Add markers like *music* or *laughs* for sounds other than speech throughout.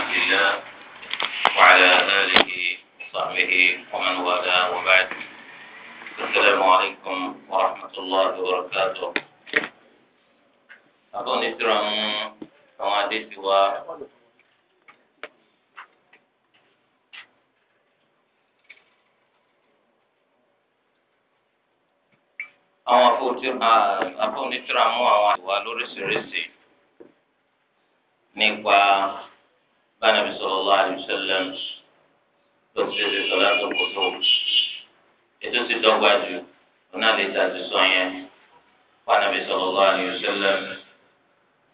عبد الله وعلى آله وصحبه ومن والاه وبعد السلام عليكم ورحمة الله وبركاته أظن إسرام حوادث و àwọn afọ́nitìrà mú àwọn àwa lóríṣiríṣi nípa bánàbí sallallahu alaihi wasallam tó ti ṣe sọlátò kòtò ètò ti dọ́gba ju ọ̀nà àdéta ti sọ yẹn bánàbí sallallahu alaihi wasallam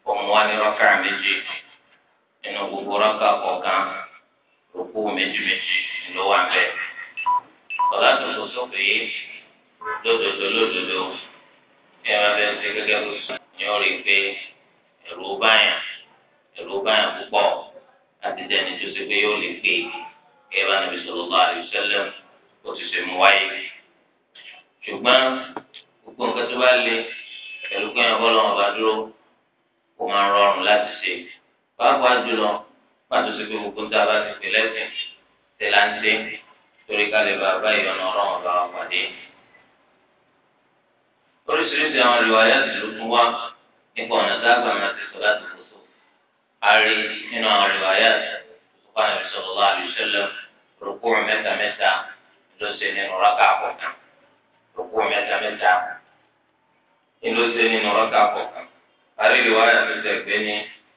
òun wá ní rákà méjì nínú gbogbo rákà kọ̀ọ̀kan òkú méjì méjì ló wà bẹ́ẹ̀ sọlátò kòtò pèé lódodo lódodo ẹ máa bẹ ṣe gẹ́gẹ́ bó ṣe ní ó rí i pé ẹ̀rù báyà ẹ̀rù báyà púpọ̀ láti jẹ́ ẹni tó ṣe pé yóò lè pè é bá nàbí sallallahu alaihi wasallam kó ti ṣe mú wáyé. ṣùgbọ́n gbogbo nǹkan tó bá le pẹ̀lú pé ẹ̀yàn bọ́lọ́ ọba dúró kó máa rọrùn láti ṣe. pàápàá jùlọ pàtó ṣe pé gbogbo nǹkan bá ti pè lẹ́sìn ṣe là ń ṣe torí ká lè bá bá pàdé. oríṣiríṣi àwọn ìwà yàtọ̀ ló tún wá nípa ọ̀nà tá àrí nínú àwọn rìwáyà ìfúnpá nàbí sallallahu alaihi wasallam rògbò mẹ́ta mẹ́ta ló ṣe nínú rákà àkọ́kọ́ rògbò mẹ́ta mẹ́ta ló ṣe nínú rákà àkọ́kọ́ àrí rìwáyà tó ṣe gbé ní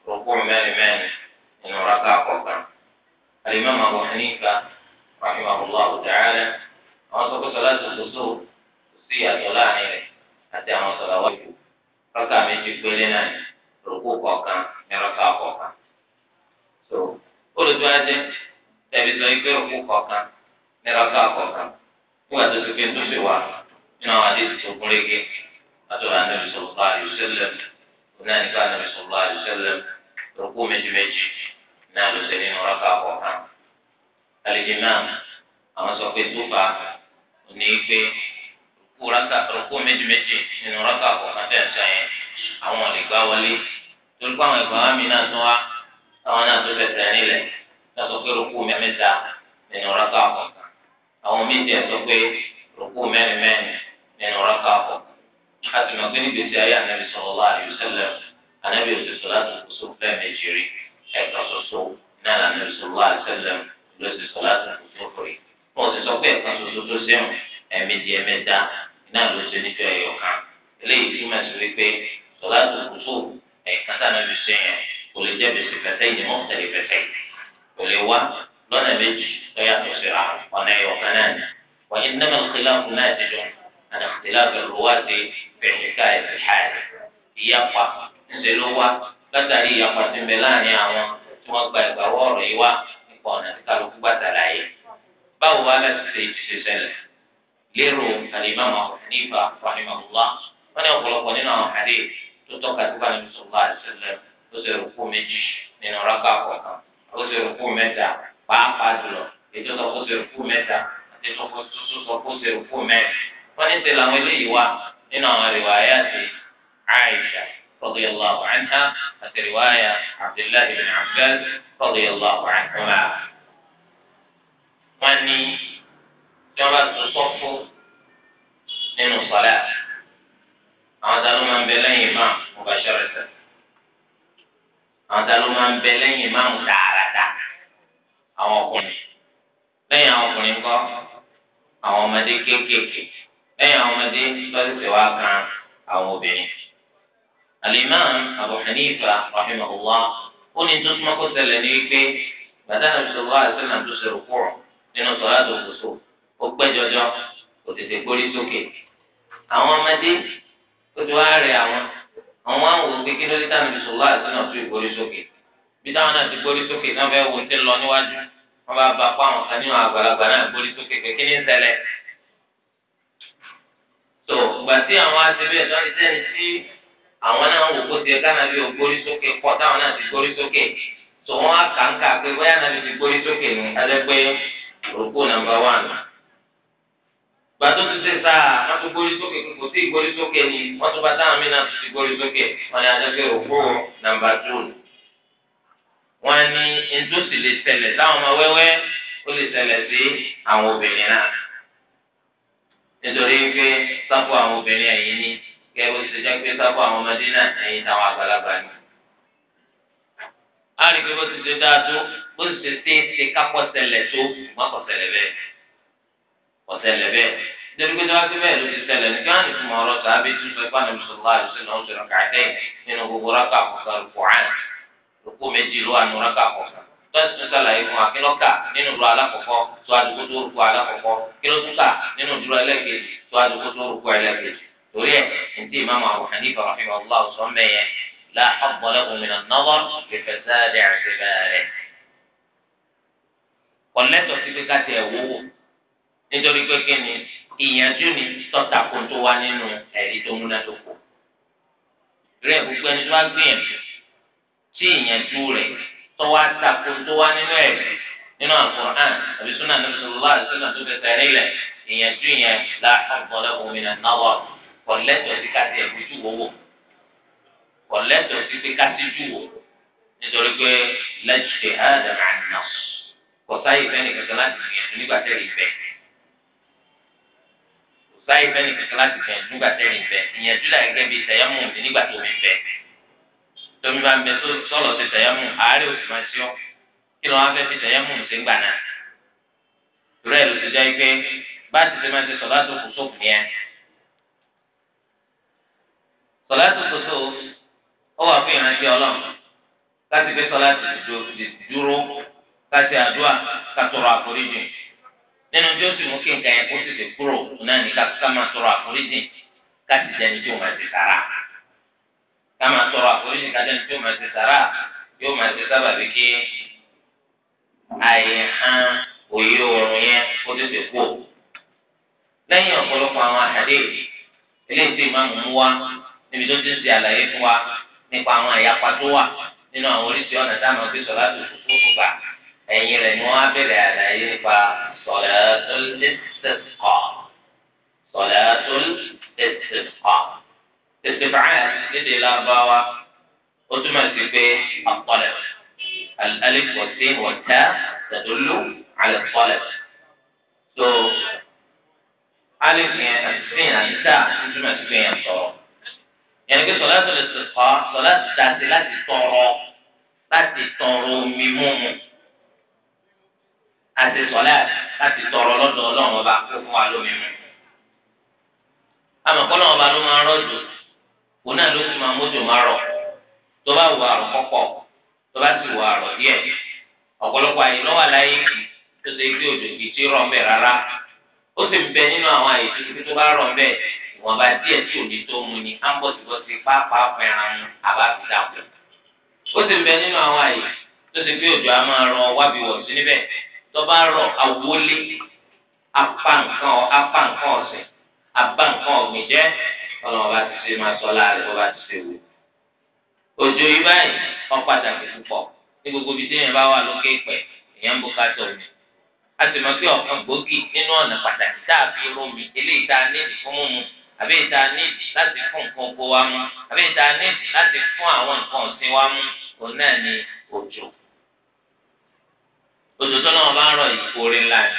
rògbò mẹ́rin mẹ́rin nínú rákà àkọ́kọ́ alimami Abu ta'ala àwọn sọ pé sọlá tó ṣoṣo sí àjọ láàrin rẹ̀ àti àwọn sọlá wájú rákà méjì péré náà rúkú kọ̀ọ̀kan ẹ̀rọ̀fà kọ̀ọ̀kan. tó olùdókòwájẹ tẹ̀bi sọ pé rúkú kọ̀ọ̀kan ẹ̀rọ̀fà kọ̀ọ̀kan nígbà tó ti fi ń túnṣe wá nínú àwọn àdéhùn tó kún régé látọ̀rọ̀ ànábì sọ̀rọ̀ àyùsẹ́lẹ̀ onáníkà ànábì sọ̀rọ̀ àyùsẹ́lẹ̀ rúkú méjìméjì náà ló ṣe nínú ẹ̀rọ̀fà kọ̀ọ̀kan. àlejò náà àwọn sọ pé tó fà á pé rúkú méjìméjì nínú ẹ̀rọ̀fà kọ̀ọ̀kan tẹ̀ yẹn àwọn ò wọlé torí pé àwọn ìbáwá mi náà tún wá àwọn náà tún fẹsẹ̀ nílẹ̀ lọ́sọ pé rúkú mẹ́mẹ́ta nínú rákà kọ̀ọ̀kan àwọn méjì ẹ̀ sọ pé rúkú mẹ́rin mẹ́rin nínú rákà kọ̀ọ̀kan a ti mọ̀ pé ní gbèsè ayé ànábì sallallahu alaihi wasallam ànábì òsè sọ̀láàtù kùsù lẹ́ẹ̀mejì rí ẹ̀kan ṣoṣo náà ànábì sallallahu alaihi wasallam lọ́sẹ̀ sọ̀láàtù kùsù rí wọn ò sì sọ pé ẹ̀kan ṣoṣo tó sẹ́wọ̀n ẹ̀ẹ̀mejì ẹ̀mẹ́ta náà ló ṣe nífẹ̀ẹ́ ẹ̀yọ̀kan eléyìí tí mà sí wípé sọ̀láàtù kùsù ẹ̀ka dáná bí sọ yẹn kò lè jẹ́ bèsè fẹsẹ̀ yìí mọ́ tẹ̀lé fẹsẹ̀ kò lè wá lọ́nà méjì lọ́yà tó ṣe ra ọ̀nà ẹ̀yọ̀ kan náà ni wọ́n yẹn nẹ́mẹ̀ nkìlá fún náà ti dùn àná nkìlá bẹ̀rù wá sí bẹ̀rẹ̀ká ẹ̀sì ṣáàlì ìyapa ńṣe ló wá látàrí ìyapa ti bẹ láàrin àwọn tí wọ́n gba ìgbàwọ́ ọ̀rọ̀ yìí wá nípa ọ̀nà tí kálukú gbà tàlàyé báwo tó tọ́ka tó bá ní sọ̀rọ̀ àṣẹlẹ̀ ó ṣe rúkú méjì nínú rákà kọ̀ọ̀kan ó ṣe rúkú mẹ́ta pàápàá jùlọ ètò sọ kó ṣe rúkú mẹ́ta àti tó sọ kó ṣe rúkú mẹ́rin wọ́n ní ṣe làwọn eléyìí wá nínú àwọn rìwáyà ti Aisha radiyallahu anha àti rìwáyà Abdullahi bin Abbas radiyallahu anhuma. wọ́n ní tí wọ́n bá tó sọ́kó nínú sọ́lá àwọn ta ló máa ń bẹ lẹ́yìn imam mubasharatan àwọn ta ló máa ń bẹ lẹ́yìn imam tààràtà àwọn ọkùnrin lẹ́yìn àwọn ọkùnrin kọ́ àwọn ọmọdé kéékèèké lẹ́yìn àwọn ọmọdé lọ́sẹ̀sẹ̀ wá kan àwọn obìnrin. alimam abu hanifa rahimahullah ó ní tó súnmọ́ kó ṣẹlẹ̀ ní wípé bàtà nàbìsọ̀rọ̀ àìsàn àtúnṣe rúkúrọ̀ nínú sọ̀rọ̀ àdókòsó ó pẹ́ jọjọ kò gbórí sókè àwọn ọmọdé ó ti wá rẹ àwọn àwọn wá ń wò pé kí ló dé tá níbi sọlá àti náà tún ìgbórí sókè bí táwọn náà ti gbórí sókè náà fẹ́ wo ti lọ níwájú wọn bá ba pa àwọn kan nínú àgbàlagbà náà gbórí sókè pé kí ni ń ṣẹlẹ̀ tó ìgbà tí àwọn àtẹ̀bẹ̀ tó ń sẹ́ni sí àwọn náà wò sókè pọ̀ táwọn náà ti sókè tó gbàtó ti ṣe sáà wọn tún gbórí sókè kò sí ìgbórí sókè ni wọn tún bá táwọn mìíràn tún ti gbórí sókè wọn ni adéke òkú nàmbà tù wọn ni ntòsí lè ṣẹlẹ̀ sáwọn ọmọ wẹ́wẹ́ ó lè ṣẹlẹ̀ sí àwọn obìnrin náà nítorí pé sáfù àwọn obìnrin ẹ̀yìn ni kẹ́ẹ́ bó ti ṣe jẹ́ pé sáfù àwọn ọmọdé náà ẹ̀yìn táwọn àgbàlagbà ni. a rí i pé bó ti ṣe dáa tó bó ti ṣe ṣe kápọ̀ ṣẹlẹ̀ tó mọ́kọ̀ ṣẹlẹ̀ bẹ́ẹ̀ ọ̀sẹ̀lẹ̀ bẹ́ẹ̀ nítorí pé dáwọ́ sí bẹ́ẹ̀ ló ti ṣẹlẹ̀ ní gáàní fún ọ̀rọ̀ sàábé tún sọ ipá nàbí sọlá àdùsọ̀nà ọ̀sọ̀rọ̀ kàdẹ́yìn nínú gbogbo rákà kọ̀ọ̀kan rúkọ̀án rúkọ̀ méjì ló wà nínú rákà kọ̀ọ̀kan tọ́sí tún sàlàyé fún akínọ́kà nínú ìdúró alákọ̀ọ́kọ́ tó àdúgbò tó rúkọ̀ alákọ̀ọ́kọ́ kílódúkà nínú ìdúró ẹlẹ́kejì tó àdúgbò tó rúkọ̀ ẹlẹ́kejì torí ẹ̀ nítorí pé kí ni ìyànjú ni tọ́ta kó tó wá nínú ẹ̀rí tó múnádóko rẹ̀ gbogbo ẹni tó wá gbìyànjú tí ìyànjú rẹ̀ tọ́wá tako tó wá nínú ẹ̀rí nínú àkùrán àbí súnà ní sọlá àti súnà tó fẹsẹ̀ nílẹ̀ ìyànjú yẹn la àgbọ̀lẹ̀ òmìnira náwọ̀ kọ̀lẹ́tọ̀ sí ká ti ẹ̀gbójú wọ́wọ́ kọ̀lẹ́tọ̀ sí pé ká jù wọ́ nítorí pé lẹ́jìdè hàdà báyìí fẹ́ ní kankan láti fẹ́ nígbà tẹ́lẹ̀ fẹ́ ìyẹn júlá gẹ́gẹ́ bíi tẹ̀yẹ́mù ní nígbà tó mi fẹ́ tómi bá ń bẹ sọ́lọ̀ ti tẹ̀yẹ́mù àárẹ̀ òsì máa ṣíọ́ kí ló wáá fẹ́ fi tẹ̀yẹ́mù ṣe ń gbà náà rẹ̀ ló ti jẹ́ pé bá ti ṣe máa ṣe sọ̀lá tó kù yẹn sọ̀lá tó kù ó wà fún ìrántí ọlọ́run láti gbé sọ̀lá ti dúró láti àdúrà nínú tí ó sì mú kí nǹkan yẹn kó tètè kúrò náà ní ká máa tọrọ àforíjì ká sì jẹni tí ó máa ti sàrà ká máa tọrọ àforíjì ká jẹni tí ó máa ti sàrà yóò máa ti sábà bí kí àyè hàn òye oorun yẹn kó tètè kú. lẹ́yìn ọ̀pọ̀lọpọ̀ àwọn àhàdé eléyìí tí ìmáàmù mú wá níbi tó ti ń ṣe àlàyé fún wa nípa àwọn àyàpá tó wà nínú àwọn oríṣi ọ̀nà táwọn ọ̀gbìn sọ̀ صلاة الاستسقاء صلاة الاستسقاء استفعال لدي الأربعة وتمسك به الطلب الألف والسين والتاء تدل على الطلب so ألف السين التاء تمسك به الطلب يعني كي صلاة الاستسقاء صلاة تاتلات الطرق تاتي الطرق ميمومو هذه صلاة láti tọrọ lọdọ ọlọ́run ọba kó fún wa lómi mu. àmọ́ kọ́lọ́run ọba ló máa rọ́jò òun náà ló sì máa mójò máa rọ̀ tó bá wù àrò tó bá sì wù àrò àyè aláyé kì tó ṣe gbé òjò kì í ti rárá ó sì ń bẹ nínú ni á ń pápá àbá fi ó sì ń bẹ nínú àwọn àyè tó ti gbé òjò á máa tọ́ba rọ àwọlé apá nǹkan apá nǹkan ọ̀sẹ̀ apá nǹkan ọ̀gbìn jẹ́ ọ̀nà ọba ti ṣe máa sọ láàrin ọba ti ṣe wò. òjò yìí báyìí wọ́n pàtàkì púpọ̀ ní gbogbo ibi téèyàn bá wà lókè pẹ̀ èèyàn ń bùkátà omi. a sì mọ̀ pé ọ̀kan gbòógì nínú ọ̀nà pàtàkì tá a fi romi eléyìí tá a nídìí fún mímu àbí ìta nídìí láti fún nǹkan oko wa mu àbí ìta nídìí láti fún àwọn nǹkan ọ̀sìn wa mu òun náà ni òjò. òtútù náà bá ń rọ ìfòrè ńlá ni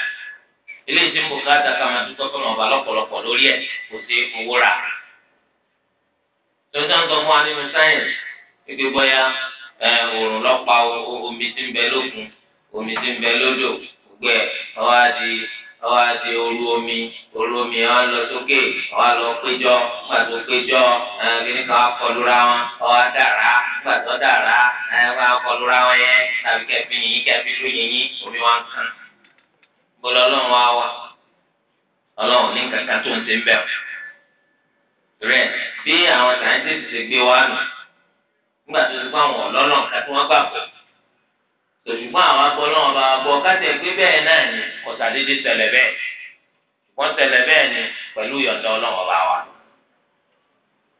ilé ìdí mbò ká dàka máa dúpọ́ pé wọn bá lọ́pọ̀lọpọ̀ lórí ẹ̀ kò sí owó rà. tòótọ́ ń sọ fún wa nínú sáyẹ̀nsì gbígbé omi ti ń bẹ omi ti ń bẹ lódò gbẹ ọwọ́ àti ọwọ́ àti oru omi oru omi ọ lọ sókè ọwọ́ pàtó wọn ọwọ́ nígbà tó dára ẹ bá kọlura wọn yẹn tàbí kẹfì yìnyín kẹfì ló yìnyín omi wa ń kàn gbọ́dọ̀ Ọlọ́run wa wà Ọlọ́run ní kankan tó ń ṣe ń bẹ rẹ bí àwọn sàyẹntìsì ṣe gbé wa nù nígbà tó ti gbọ́ àwọn ọlọ́lọ́n ká tí wọ́n gbà pẹ̀ ṣùgbọ́n àwọn agbọ́lọ́wọ́n bá bọ́ káṣẹ́ pé bẹ́ẹ̀ náà ni kọ̀tà tẹ̀lẹ̀ bẹ́ẹ̀ ṣùgbọ́n tẹ̀lẹ̀ bẹ́ẹ̀ ni pẹ̀lú ìyọ̀ǹda ọlọ́wọ́n bá wà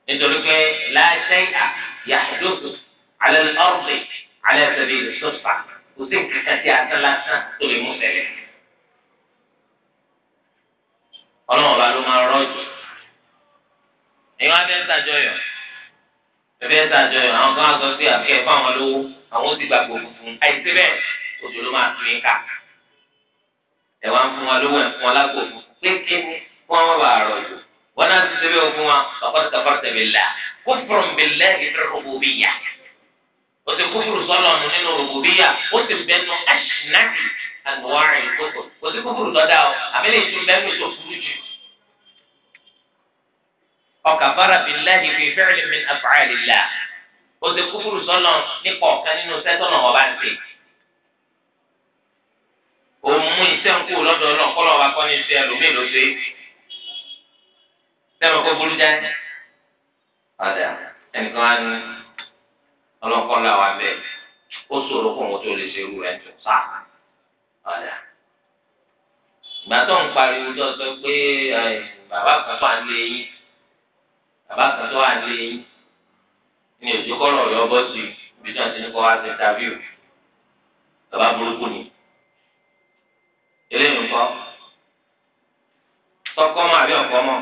nítorí pé láṣẹ́ ìhà يحدث على الأرض على سبيل الصدفة وتمكن كتير ثلاثة تولي مسلم ọlọ́mọ bá ló máa rọ́ọ̀jù ẹ̀yin wá fẹ́ẹ́ sàjọyọ̀ fẹ́ẹ́ sàjọyọ̀ àwọn kan á sọ sí àkẹ́ fún àwọn lówó àwọn ó ti gbàgbọ́ fún àìsí bẹ́ẹ̀ òjò ló máa tún yín ká ẹ̀ wá ń fún wa lówó ẹ̀ fún wa lágbo fún kékeré fún àwọn bàbá rọ̀jù wọn náà ti ṣe bẹ́ẹ̀ fún wa ọ̀pọ̀ tẹ̀fọ́ tẹ̀lé là kúfùrù billahi fi rububiyya o ti kúfùrù sọlọ́ọ̀nù nínú rububiyya o ti bẹnu aṣínáàtì àgbọ̀wárìn kókò o ti kúfùrù lọ́dà o àbẹ́lẹ̀ ìtú bẹ́ẹ̀ mi tó burú jù. ọkà bára billahi fi fi'lin min af'alillah o ti kúfùrù sọlọ́ọ̀nù nípa ọ̀kan nínú sẹ́tọ̀nà ọba ń tẹ̀ òun mú iṣẹ́ ń kú lọ́dọ̀ náà kọ́lọ́ wa kọ́ ní iṣẹ́ ẹlòmíì ló ṣe é sẹ́wọ̀n kó burú jáde padà ẹnìkan á ní ọlọ́kọ́ làwọn abẹ́ ó ṣòro kó wọn tó lè ṣe irú rẹ̀ tó sá padà. ìgbà tó ń pariwo tó sọ pé bàbá kan tó à ń lé yín bàbá kan tó à ń lé ní òjò ọ̀yọ́ bọ́ ibi tí wọ́n ti ní kọ́ wá sí interview bàbá burúkú ni eléyìí ń kọ́ tọkọ́ mọ́ àbí ọ̀kọ́ mọ́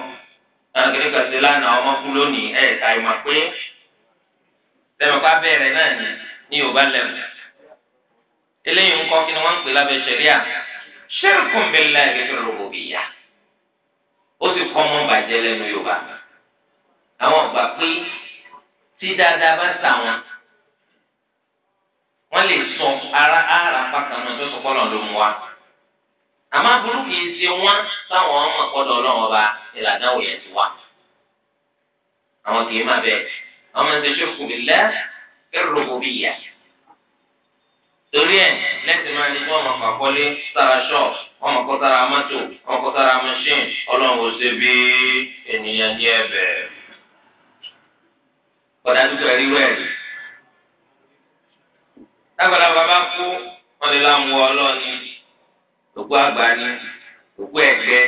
kankiri kasi lánàá ọmọ kú lónìí ẹ ta ìmọ̀ pé tẹmọ̀pá bẹ̀rẹ̀ náà ni ní yorùbá lẹ́wọ̀ eléyìí ń kí ni wọ́n ń pè lábẹ́ sẹ̀ríà ṣẹ́rùkùn bẹ́lá ẹ̀kẹ́kẹ́ rògbò bìyà ó sì kọ́ mọ́ bàjẹ́ lẹ́nu yorùbá àwọn gbà pé tí dáadáa bá sà wọn wọ́n lè sọ ara ara pàtàkì ọ̀nà tó sọ kọ́ wa àmọ́ aburú kìí ṣe wọ́n táwọn ọmọ ọ̀pọ̀lọ̀ ọlọ́run ọba ìlànà òye ti wà. àwọn kìí má bẹ́ẹ̀ ọmọ ẹgbẹ́ ṣòkùn mi lẹ́ kẹ́rù kò bí yà. torí ẹ̀ lẹ́sìn máa ní wọ́n mọ̀kàn kọ́lé sára ṣọ́ọ̀ṣì wọ́n mọ̀kàn sára mọ́tò wọ́n sára mọ́ṣíìn ọlọ́run ò ṣe bí ènìyàn ní ẹ̀bẹ̀. ọ̀dà tó tẹ̀lé wẹ̀rì. lágbàdàgbà bá kú wọ́n lè òkú àgbà ni òkú eze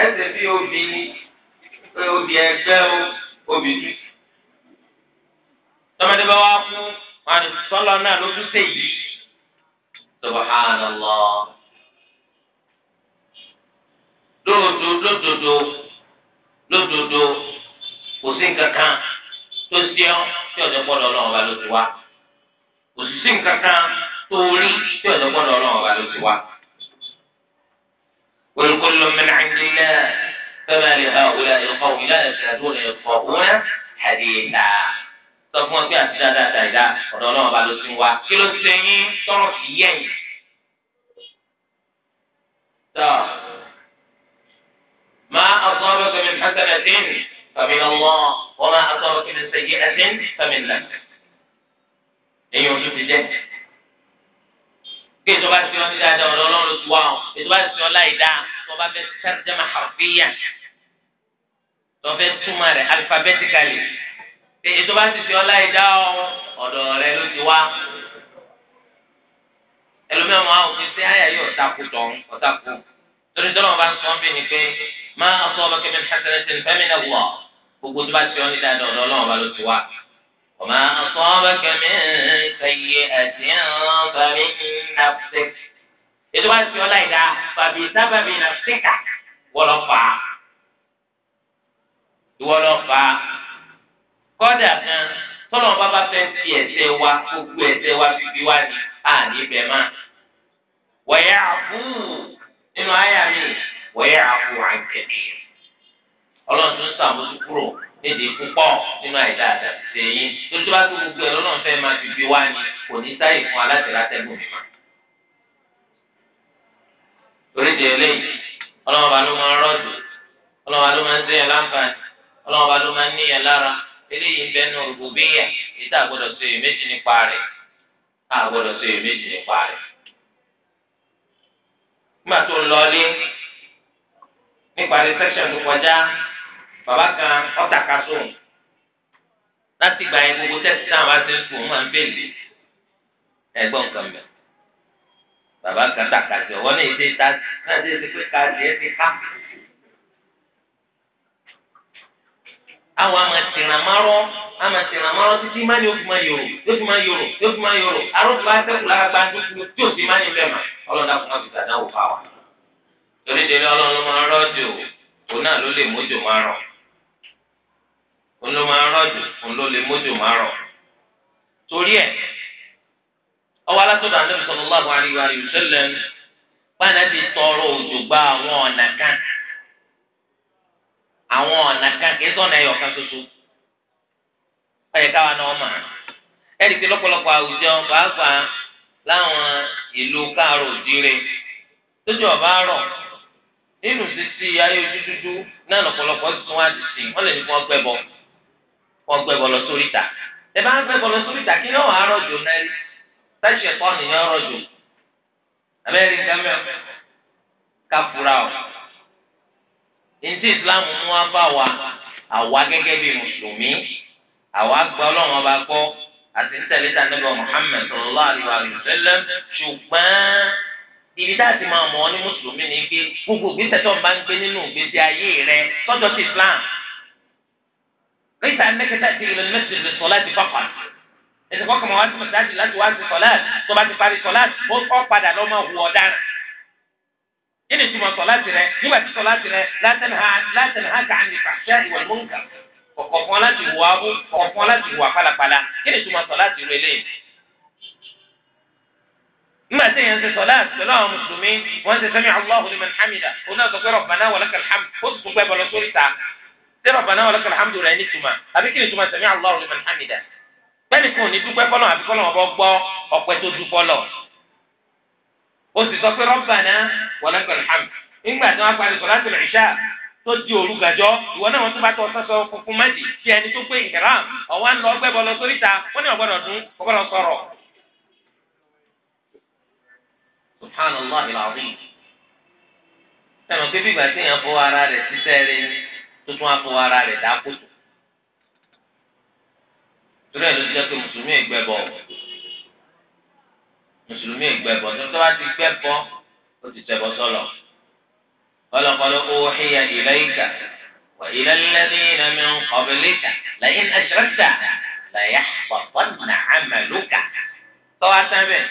ẹsẹ bí obì obi egbe o obì tú tọmọdé bá sọlọ náà ló tún sèyí lódodo lódodo lódodo kò sí nǹkan kan tó ọ tí kò sí nǹkan kan. tó rí tí ọ̀dọ́ gbọ́dọ̀ ọlọ́run ọba ló ti wá. qul kullun min 'indillah fama li ha'ula'i qawmin la yakaduna yafqahuna haditha. sọ fún ọ pé àti dáadáa dáadáa ọ̀dọ́ ọlọ́run ọba ló ti wá kí ló ti sẹ́yìn tọ́rọ̀ fi yẹ̀yìn. ما أصابك من حسنة فمن الله وما أصابك من سيئة فمن نفسك. أيوه شوف الجنة kí ètò bá ti ọ ní dáadáa ọ̀dọ̀ ọlọ́run ló ti wá ọ ètò bá ti ọ láì dáa tó bá fẹ́ tẹ́rẹ́dẹ́mà àfíyà tó fẹ́ túmọ̀ rẹ̀ alifabẹ́tíkàlì ètò bá ti ọ láì dáa ọ ọ̀dọ̀ rẹ̀ ló ti wá ẹlòmíràn máa ń fi ṣe àyà yóò takò tán ọ̀takò torí tí wọn bá sọ ọ́n bí ni pé máa sọ ọ́ bá kẹ́mi ní ní fẹ́mi náà wọ̀ gbogbo tó bá ti ọ ní dáadáa ọ̀dọ̀ ọlọ́run ló ti wá. وما أصابك من سيئة فمن نفسك ètò bá ti ọlá ìdá bàbí sábàbí nà síkà wọlọfà ìwọlọfà kọdà kan tọnà bàbá fẹ́ fi ẹ̀ṣẹ̀ wa gbogbo ẹ̀ṣẹ̀ wa bíbí wa ni a níbẹ̀ má wọ̀yẹ́ àfú nínú àyà mi wọ̀yẹ́ àfú àǹkẹ́bí ọlọ́run tó ń sàmójú kúrò nídìí púpọ̀ nínú àìdá àtàtì sẹ́yìn tó tó bá tó gbogbo ẹ̀rọ náà fẹ́ máa fi bí wá ni kò ní sáyè fún alátẹ̀látẹ̀gùn mi mọ́. oríṣi eléyìí ọlọ́run bá ló máa ń rọ́ọ̀dù ọlọ́run bá ló máa ń sẹ́yìn láǹfààní ọlọ́run bá ló máa ń níyàn lára eléyìí ń bẹnu rúbùbíyà ìta àgbọ̀dọ̀ sọ èyí méjì nípa rẹ̀ àgbọ̀dọ̀ sọ èyí méjì nípa rẹ̀. nígbà tó ń lọ ilé nípa rẹ̀ sẹ́kṣọ̀n tó kọjá bàbá kan ọ̀tàkà sóhùn láti gba yẹn gbogbo tẹ́sí náà wá sí sùn máa ń bèlè ẹgbọ́n nǹkan mẹ́ bàbá kan tàkà sí ọwọ́ náà ṣe ta náà ṣe pé ká tiẹ̀ ká. àwọn amàtìrànmárọ́ amàtìrànmárọ́ títí má ní òfin máa yòrò yóò fi yòrò yóò fi yòrò arúgbó lára gba tí ò ní lẹ́mà ọlọ́dà fáwọn. òun ló máa rọ̀jò òun ló lè mójò máa rọ̀ torí ẹ̀ ọwọ́ alátọ́dọ̀ ànábì sallallahu alaihi wa sallam báyìí láti tọrọ òjò gba àwọn ọ̀nà kan àwọn ọ̀nà kan kì í sọ̀nà ẹ̀yọ̀ kan ṣoṣo ọ̀yẹ̀ káwa náà mà ẹ̀rì pé lọ́pọ̀lọpọ̀ àwùjọ pàápàá láwọn ìlú káàrọ̀ òjìire tójú ọ̀bá rọ̀ nínú títí ayé ojú dúdú náà lọ́pọ̀lọpọ̀ tún wá ti sìn wọ́n lè ní kí wọ́n gbẹ́ bọ́ wọ́n gbé bọ́lọ̀ sórí ta ẹ bá ń gbé bọ́lọ̀ sórí ta kí ni wọ́n á rọ̀jò náà rí táṣì ẹ̀kọ́ nìyẹn rọ̀jò abẹ́rẹ́ gàmẹ́ káfúrà ọ̀ ntí Islam mú wá bá wa àwa gẹ́gẹ́ bí mùsùlùmí àwa gba ọlọ́run ọba gbọ́ àti tẹ̀lé ta nígbà Muhammad sallallahu alaihi wa sallam ṣùgbọ́n ibi tá a ti máa mọ̀ ọ́ ní mùsùlùmí ni pé gbogbo ìgbésẹ̀ tó ń bá ń gbé nínú ìgbésí ayé rẹ sọ́jọ́ sí Islam. ليس أنك تأتي إلى المسجد للصلاة فقط إذا كنت مواسم مساجد لا تواسي صلاة طبعا تفاري صلاة بوك أقعد على ما هو دارك kíni tí mo sọláàtì rẹ nígbà tí sọláàtì rẹ látẹnha ká àní fàṣẹ ìwà mọ́nkà kọ̀kọ̀ fún ọ láti wù abú kọ̀kọ̀ fún ọ láti wù apalapala kíni tí mo sọláàtì rẹ lé. nígbà tí èèyàn ṣe sọláàtì pẹ̀lú àwọn mùsùlùmí wọ́n ṣe sami'a Allahu liman hamida oní ọ̀sọ̀ pé rabbana wa lakal hamd ó sì tún gbẹ́ bọ̀ lọ sórí ta ṣé rabbana wa lakal hamdu rẹ̀ ní tuma àbí kí ni tuma sami Allahu liman hamida bẹ́ẹ̀ni kò ní dúpẹ́ fọlọ́ àbí fọlọ́ ọ̀bọ gbọ́ ọ̀pẹ tó dúpọ́ lọ. ó sì sọ pé rabbana wa lakal hamdu nígbà tí wọ́n parí sọ̀rọ̀ àtìlẹ̀ ìṣá tó di òru gàjọ́ ìwọ náà wọ́n tún bá tọ́ sọ́sọ́ funfun má di kí ẹni tó pé ìhìrán ọ̀wá ń lọ ọgbẹ́ lọ sórí ta wọ́n ní ọ̀gbọ́dọ̀ dún ọ̀gbọ́dọ̀ sọ̀rọ̀. subhanallah ilaahi sẹ́nu pé tí èèyàn fọwọ́ ara rẹ̀ ṣiṣẹ́ rẹ̀ ni tó tún wá fọwọ́ ara rẹ̀ dá kótó. torí ẹ̀ ló ti jẹ́ pé mùsùlùmí ìgbẹ́ bọ̀ mùsùlùmí ìgbẹ́ bọ̀ tó tó bá ti gbẹ́ bọ̀ ó ti tẹ̀ bọ̀ sọ̀lọ̀. ọlọ́kọ̀lọ́ owó híya ilayka wa ila alladhina min qablika la'in ashrakta layahbatanna 'amaluka tọ́wá sábẹ̀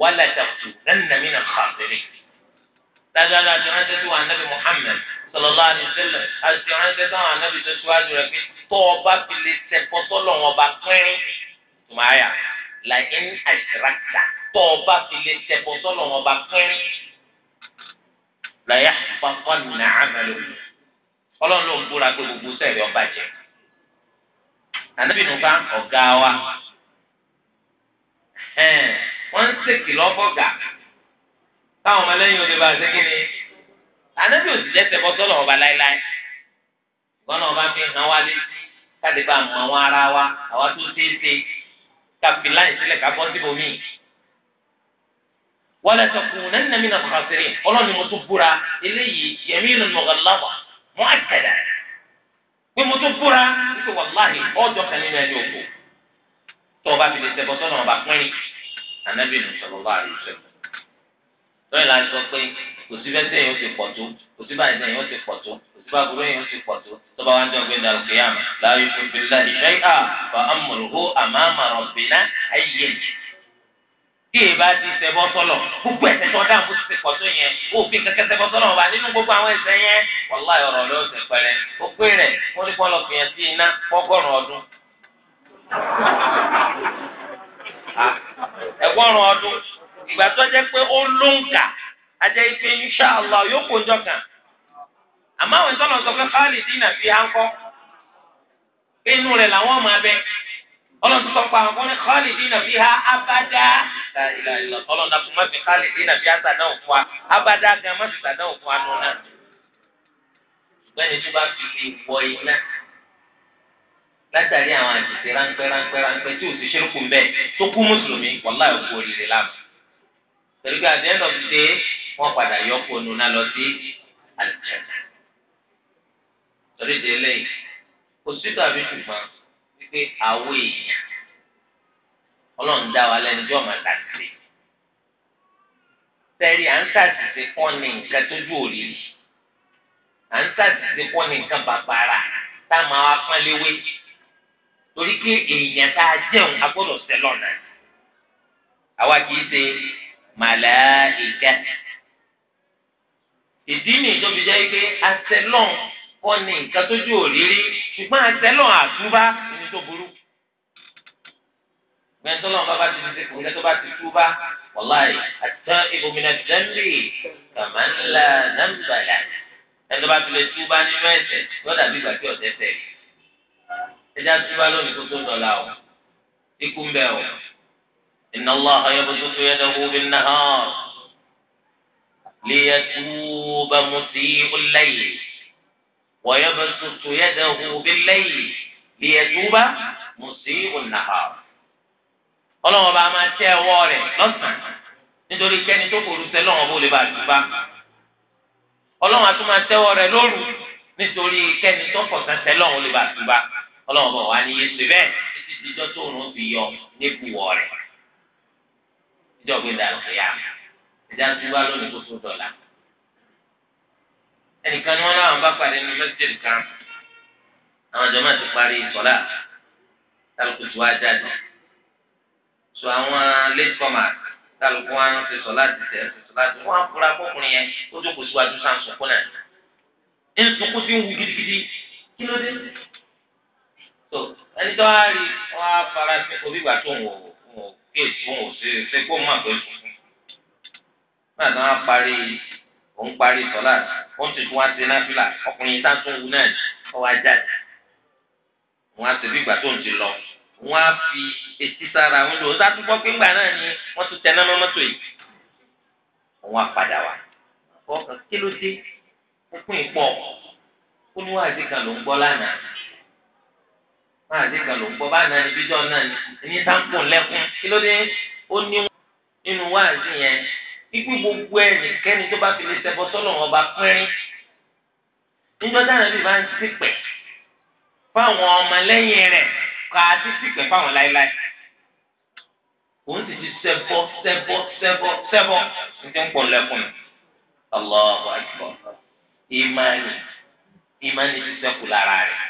wala takunanna mina al-khasirin. dájúdájú ránṣẹ́ tí wàá nábì Muhammad sallallahu alaihi wasallam àti ránṣẹ́ sáwọn anábì tó ṣíwájú rẹ̀ pé tó ọba fi lè tẹpọ sọlọ wọn ọba pínrín tùmáyà làyín àṣìrákà tó ọba fi lè tẹpọ sọlọ wọn ọba pínrín làyà pàpọ nà àmàlò Ọlọ́run ló ń búra pé gbogbo sẹẹrẹ ọba jẹ anábì nùfà ọgá wa wọn ń ṣèkìlọ̀ fọgà táwọn ọmọlẹ́yìn òde bá ṣe kí ni ànábì ò sì lẹ́sẹ̀ bọ́ sọ́lọ̀ ọba láéláé ìwọ náà bá fi hàn wá létí káde bá mọ àwọn ara wa àwa tó ṣeéṣe káfí láì sílẹ̀ ká bọ́ síbò míì wala takunanna mina al-khasirin ọlọ́ni mo tún búra eléyìí yaminun mughallazah mu'akkada pé mo tún búra pé wàláhì ọjọ́ kan nínú ẹni òkú tó o bá fi lè sẹ́bọ̀ sọ́nà ọba pínrín ànábì nù sallallahu alaihi wasallam lọ́yìn láti sọ pé kò sí bẹ́ẹ̀ sẹ́yìn ó ti pọ̀ tó kò sí báyìí sẹ́yìn ó ti pọ̀ tó kò sí báburú yẹn ti pọ̀ tó tọ́ba wa ń jọ láàyè fún à bá a mọ̀rọ̀ hó àmà màrọ̀ bìnà ayé kí èèbá ti ṣẹbọ sọlọ gbogbo tó dáhùn kó ti pọ̀ tó yẹn òfin ajẹ́ ife insha Allah yóò kó njọ kan àmọ́ àwọn ìtọ́nà sọ pé khalidina fiha ńkọ́ pé inú rẹ̀ làwọn máa bẹ ọlọ́run tó sọ pé àwọn kan ní khalidina fiha abada ọlọ́run dàtú má fi khalidina fiha sàdáwò fún wa abada gan má fi sàdáwò fún wa nù náà ṣùgbọ́n ẹni tó bá fi lè wọ iná látàrí àwọn àṣìṣe ráńpẹ́ ráńpẹ́ ráńpẹ́ tí ò ti ṣe é kú mbẹ́ tó kú mùsùlùmí wàláhì torí pé àti end of the day wọ́n padà yọkù ọ̀nù náà lọ sí àlùjáde torí de lẹ́yìn kò sí tàbí ṣùgbọ́n wípé àwọ̀ èèyàn ọlọ́run dá wa lẹ́nu tí wọ́n máa tàṣìṣe sẹ́rí à ń tàṣìṣe pọ́ ní nǹkan tójú òrìrì à ń tàṣìṣe pọ́ ní nǹkan bàbàrà tá a máa wá pọ́n léwé torí pé èèyàn tá a jẹun a sẹ́lọ̀ náà àwa kì í ṣe màláìkà ìdí ni ìjọba jẹ́ pé asẹ́lọ̀n kọ́ ni nǹkan tójú òrírí ṣùgbọ́n asẹ́lọ̀n àtúbá ní tó burú gbẹ̀ntọ́lọ́n bá bá ti ti kò lẹ́tọ́ bá ti túbá wàláì àtẹ ìbòmìnà dẹ́mbì kàmáńlá nàmbàlà ẹ̀tọ́ bá ti lè túbá nínú ẹ̀ṣẹ̀ lọ́dà bí gbàgbé ọ̀tẹ́tẹ̀ ẹ̀dá túbá lónìí kó tó ń dọ̀la ikú ń bẹ̀ ọ̀. إن الله يبسط يده بالنهار ليتوب مسيء الليل ويبسط يده بالليل ليتوب مسيء النهار ọlọ́wọ́n bá máa tẹ́ ọwọ́ rẹ̀ lọ́sàn-án nítorí kẹ́ni tó kò rúṣẹ́ lọ́wọ́n bó lè bá àdúgbà ọlọ́wọ́n á tún máa tẹ́ ọwọ́ rẹ̀ lóru nítorí kẹ́ni tó kọ̀ọ̀kan tẹ́ lọ́wọ́n lè bá àdúgbà ọlọ́wọ́n bọ̀ wá ní yéṣu bẹ́ẹ̀ títí díjọ́ tó rùn fi yọ níbùwọ̀ rẹ̀ níjọ́ gbé dà lóya ìjà tó wá lónìí tó tó dọ̀là. ẹnìkan ni wọn náà bá pàdé nínú mẹsídẹ̀ẹ́dì kan àwọn jọmọ ti parí ìsọlá kálukú tó wá jáde so àwọn late format kálukú wa ń fi sọlá ti tẹ fi sọlá ti wọn afura kọkùnrin yẹn ó tó kò síwájú sáǹsùn kúnlẹ ń sunkún sí ń wù gidigidi kí ló dé. so ẹni tó wá rí wọn á fara sí omi ìgbà tó ń wò ó kí èkó òun ṣe ṣe kó má tó sunkún náà tí wọn parí òun parí sọlá òun tuntun wá sí náfìlà ọkùnrin tá tún wù náà ọwọ́ ajá wọn á tẹbi ìgbà tó ń ti lọ wọn á fi etí sára wọn lò ó sátú gbọ́ pé ńgbà náà ni wọ́n tún tẹ náà mọ́tò yìí wọn á padà wá kí ló dé ó pín ó ní wàá dé kan ló ń gbọ́ lánàá máa ah, dé kan ló gbọ́ bá náà ní bíjọ́ náà ní ní sáńpù lẹ́kún kí ló dé ó ní nínú wáàzì yẹn ikú gbogbo ẹnikẹ́ni tó bá fi lè ṣẹbọ sọ́lọ̀ wọn bá pẹ́rín níjọ́ táwọn ẹbí bá ń ṣìpẹ̀ fáwọn ọmọlẹ́yìn rẹ̀ ká ti ṣìpẹ̀ fáwọn láéláé òun sì ti ṣẹbọ ṣẹbọ ṣẹbọ ṣẹbọ níjọ́ ń pọ̀ lẹ́kún Allahu akbar ìmánì ìmánì ti ṣẹ́kù lára rẹ̀.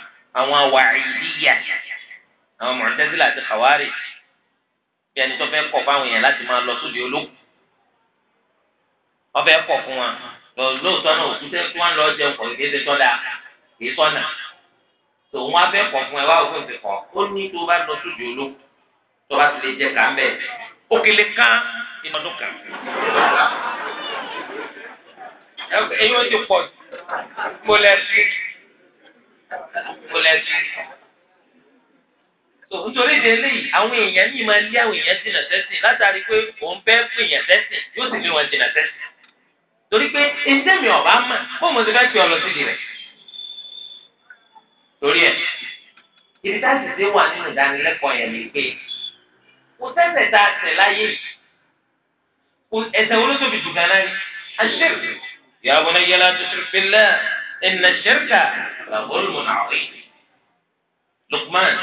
àwọn wàhíyà àwọn mọ̀tẹ́sílà àti kàwárì bí ẹni tó fẹ́ kọ̀ fáwọn èèyàn láti máa lọ sóde olókùn wọ́n fẹ́ kọ̀ fún wa lóòótọ́ náà òkú tẹ́tí wọ́n lọ jẹun kọ̀ kéde tọ́da kìí sọ́nà tòun wá fẹ́ kọ̀ fún ẹ wá òfin fi kọ̀ ó ní tó bá lọ sóde olókùn tó bá ti lè jẹ ká ń bẹ̀ òkèlè kan nínú ọdún kan ẹ̀yin ó ti pọ̀ mọ́lẹ́sì kó lẹ́sìn tó nítorí ìdè eléyìí àwọn èèyàn yìí máa lé àwọn èèyàn jìnnà sẹ́sìn látàrí pé òun bẹ́ fún èèyàn sẹ́sìn yóò sì lé wọn jìnnà sẹ́sìn torí pé ẹ̀ńtẹ́mi ọ̀bá mà fóun mo ti fẹ́ kí ọ lọ sídìí rẹ̀ torí ẹ̀ ibi tá a sì dé wà nínú ìdánilẹ́kọ̀ọ́ yẹn ni pé kò sẹ́sẹ̀ tá a sẹ̀ láyé kò ẹ̀ṣẹ̀ tóbi jù gan-an ní aṣèrè ìyàwó náà yẹ inna الشرك la zulmun azim Luqman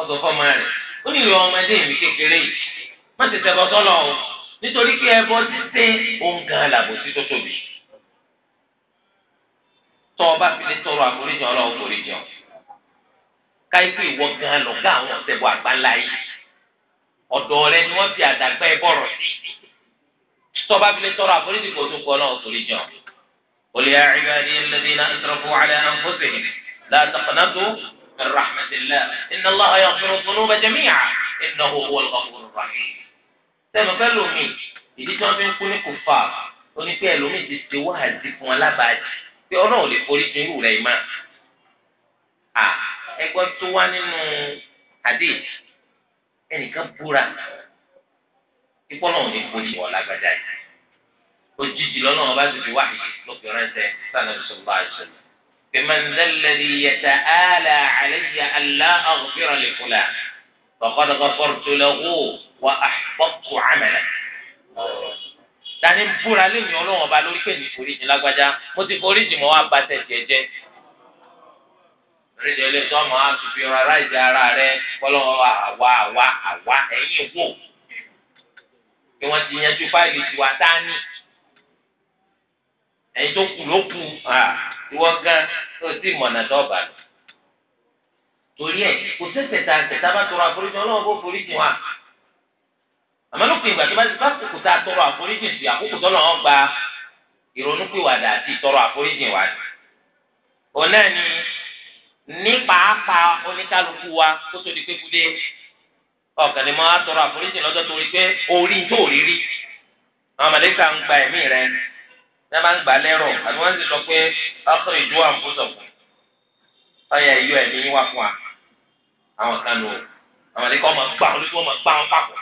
ọsọ fọmọ rẹ ó ní ìwé ọmọdé mi kékeré yìí má ti tẹ̀bọ̀ sọ́lọ̀ o nítorí kí ẹbọ títẹ òun gan làbòsí tó tóbi tọ́ ọba fi lè tọrọ àforíjì ọlọ́wọ́ foríjì ọ káyipé ìwọ gan lọ̀gá àwọn ọ̀sẹ̀bọ̀ àgbáńlá yìí ọ̀dọ̀ rẹ ni wọ́n ti àdàgbà ẹbọ̀rọ̀ sí tọ́ ọba fi tọrọ àforíjì kò tó kọ́ ọlọ́wọ́ foríjì ọ. قل يا عبادي الذين أسرفوا على أنفسهم لا تقنطوا من رحمة الله إن الله يغفر الذنوب جميعا إنه هو الغفور الرحيم sẹ́mi fẹ́ lomi ìdí tí wọ́n fi ń kú ní kùfà onípẹ́ ẹlòmí ti ṣe wáàdí fún wọn lábàájì pé ọ̀nà ò lè forí ju irú rẹ̀ mọ́. à ẹgbọ́n tó wá nínú hadith ẹnìkan búra ipò náà ò ní forí wọn lágbájá òjijì lọ́nà wọn bá ti fi wáyé lókè ránṣẹ́ sànàbí sọ̀rọ̀ àṣẹlẹ̀. bimandalari yata ala aleya ala aghfira li fulan faqad ghafartu lahu wa ahbabtu amala. tani búra lẹ́yìn ọlọ́wọ́n ba lórí pé ní foríjì lágbájá mo ti foríjì mọ́ wá ba tẹ̀sí ẹ̀jẹ̀. oríṣi ilé tó ọmọ àti fi rárá ìjà ara rẹ kọ́lọ́wọ́ àwa àwa àwa ẹ̀yìn wò. kí wọ́n ti yanjú fáìlì tiwa tá a ní. ẹ̀yin tó kù ló kù ìwọ gan ó torí ẹ kò sẹ́sẹ̀ ta ẹ̀sẹ̀ bá tọrọ àforíjì ọlọ́run kó foríjì wa. àmọ́ lópin ìgbà bá ti tọrọ àforíjì sí àkókò tó lọ́wọ́ gba ìrònúpìwàdà àti ìtọrọ wa. òun náà ni ní pàápàá oníkálukú wa tó di ọ̀kan ni mo á tọrọ àforíjì lọ́jọ́ ní a máa ń gbà lẹ́rọ̀ àti wọ́n ti sọ pé ọkọ̀ ìjọ àǹfọ̀sọ̀kù ọ̀yà ìyọ ẹ̀mí yín wá fún wa àwọn kan nù àwọn ẹ̀dẹ́kọ̀ ọmọ gbà wọn lójú ọmọ gbà wọn papọ̀.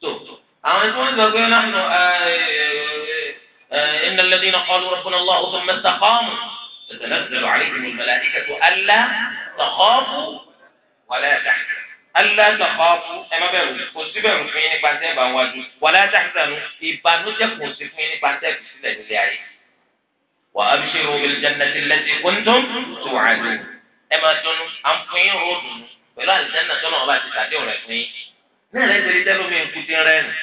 tó àwọn tí wọ́n sọ pé nánú إن الذين قالوا ربنا الله ثم استقاموا تتنزل عليهم الملائكة ألا تخافوا ولا تحزنوا alátàkọ́fù ẹ má bẹ̀rù kò sí bẹ̀rù fún yín nípa tẹ́ bá ń wájú wàlá tàkìtànù ìbànújẹ́ kò sí fún yín nípa tẹ́ fi sílẹ̀ nílé ayé. wà á bíṣe ro ìlú jannati lẹ́tì kóńtón tó wà á lò ẹ máa dunu à ń fún yín ro dùnú pẹ̀lú àlùjánnà tó náà bá ti tàdé rẹ̀ fún yín. náà rẹ̀ ti rí tẹ́lómi nkú ti rẹ́ẹ̀nì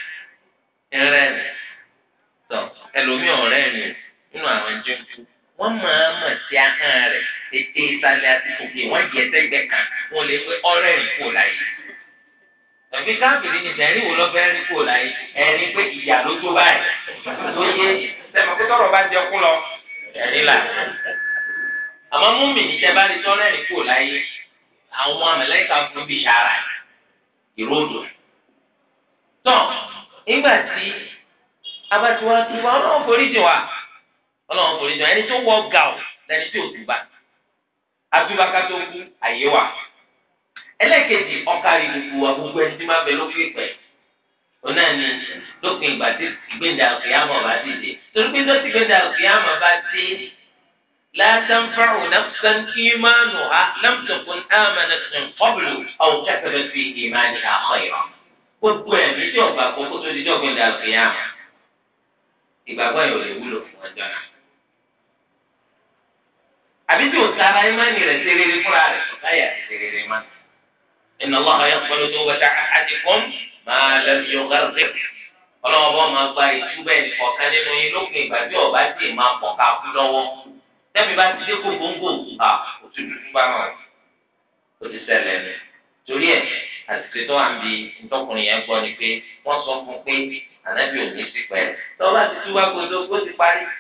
rẹ́ẹ̀nì tọ́ ẹlòmí ọ̀rẹ́ẹ̀nì nínú àwọn jẹ́ńkú wọ́n máa mọ̀ sí ahọ́n rẹ̀ ètè ìsàlẹ̀ àti òkè wọ́n jẹ ẹ̀ẹ́dẹ́gbẹ̀ kan wọ́n lè pé ọ̀rẹ́ rìn kúrò láyé. Tàbí káàkiri ni sẹ́rí wo lọ́fẹ́ rìn kúrò láyé ẹ̀rí pé ìyà ló tó báyìí tó yé sẹ́mi pé tọ́rọ̀ bá jẹ kú lọ ẹ̀rí là. Àmọ́ mú mi níjẹ́ bá rí tọ́rẹ́ rìn kúrò láyé àwọn àmàlẹ́kà fún bí sàrà ìròdò. Tọ́ nígbà tí abatiwa tiwa ọlọ́run forí jìn wa ọlọ́run forí jìn ẹni tó wọ gàù abibaka tó kú àyè wà ẹlẹ́kejì ọ̀kàrí gbogbo wa gbogbo ẹni tí máa bẹ lókè pẹ̀ ọ̀nà ni lópin ìgbà tí ìgbéǹda àkìyàmọ̀ bá ti dé torí pé lọ́sí ìgbéǹda àkìyàmọ̀ bá ti látàn fáwọn nàfṣán kí máa nù á lámtọ̀kùn àmàna sùn kọ́bùlù àwọn kẹsàbẹ̀ fi ìmáàlì àkọ́yọ̀ gbogbo ẹ̀mí tí ọ̀gbà kókó tó di dọ́gbẹ̀ǹda àkìyàmọ̀ ìgbàgbọ́ yóò lè wúlò fún ọjọ́ náà àbí tí o tara ìmánì rẹ̀ ṣe rere fúnra rẹ̀ láyà ti ṣe rere má. inna Allaha yaqbalu tawbata ahadikum ma lam yughargir. ọlọ́wọ́ bá máa gba ìtúbẹ̀ ọ̀kan nínú yín lópin ìgbà tí ọba tí ì máa pọ̀ ká kú lọ́wọ́. tẹ́mi bá ti dé kó gbóngbò à òtún dúdú bá wọn. ó ti ṣẹlẹ̀ ní. torí ẹ̀ àtìsí tó wà ń ntọ́kùnrin yẹn gbọ́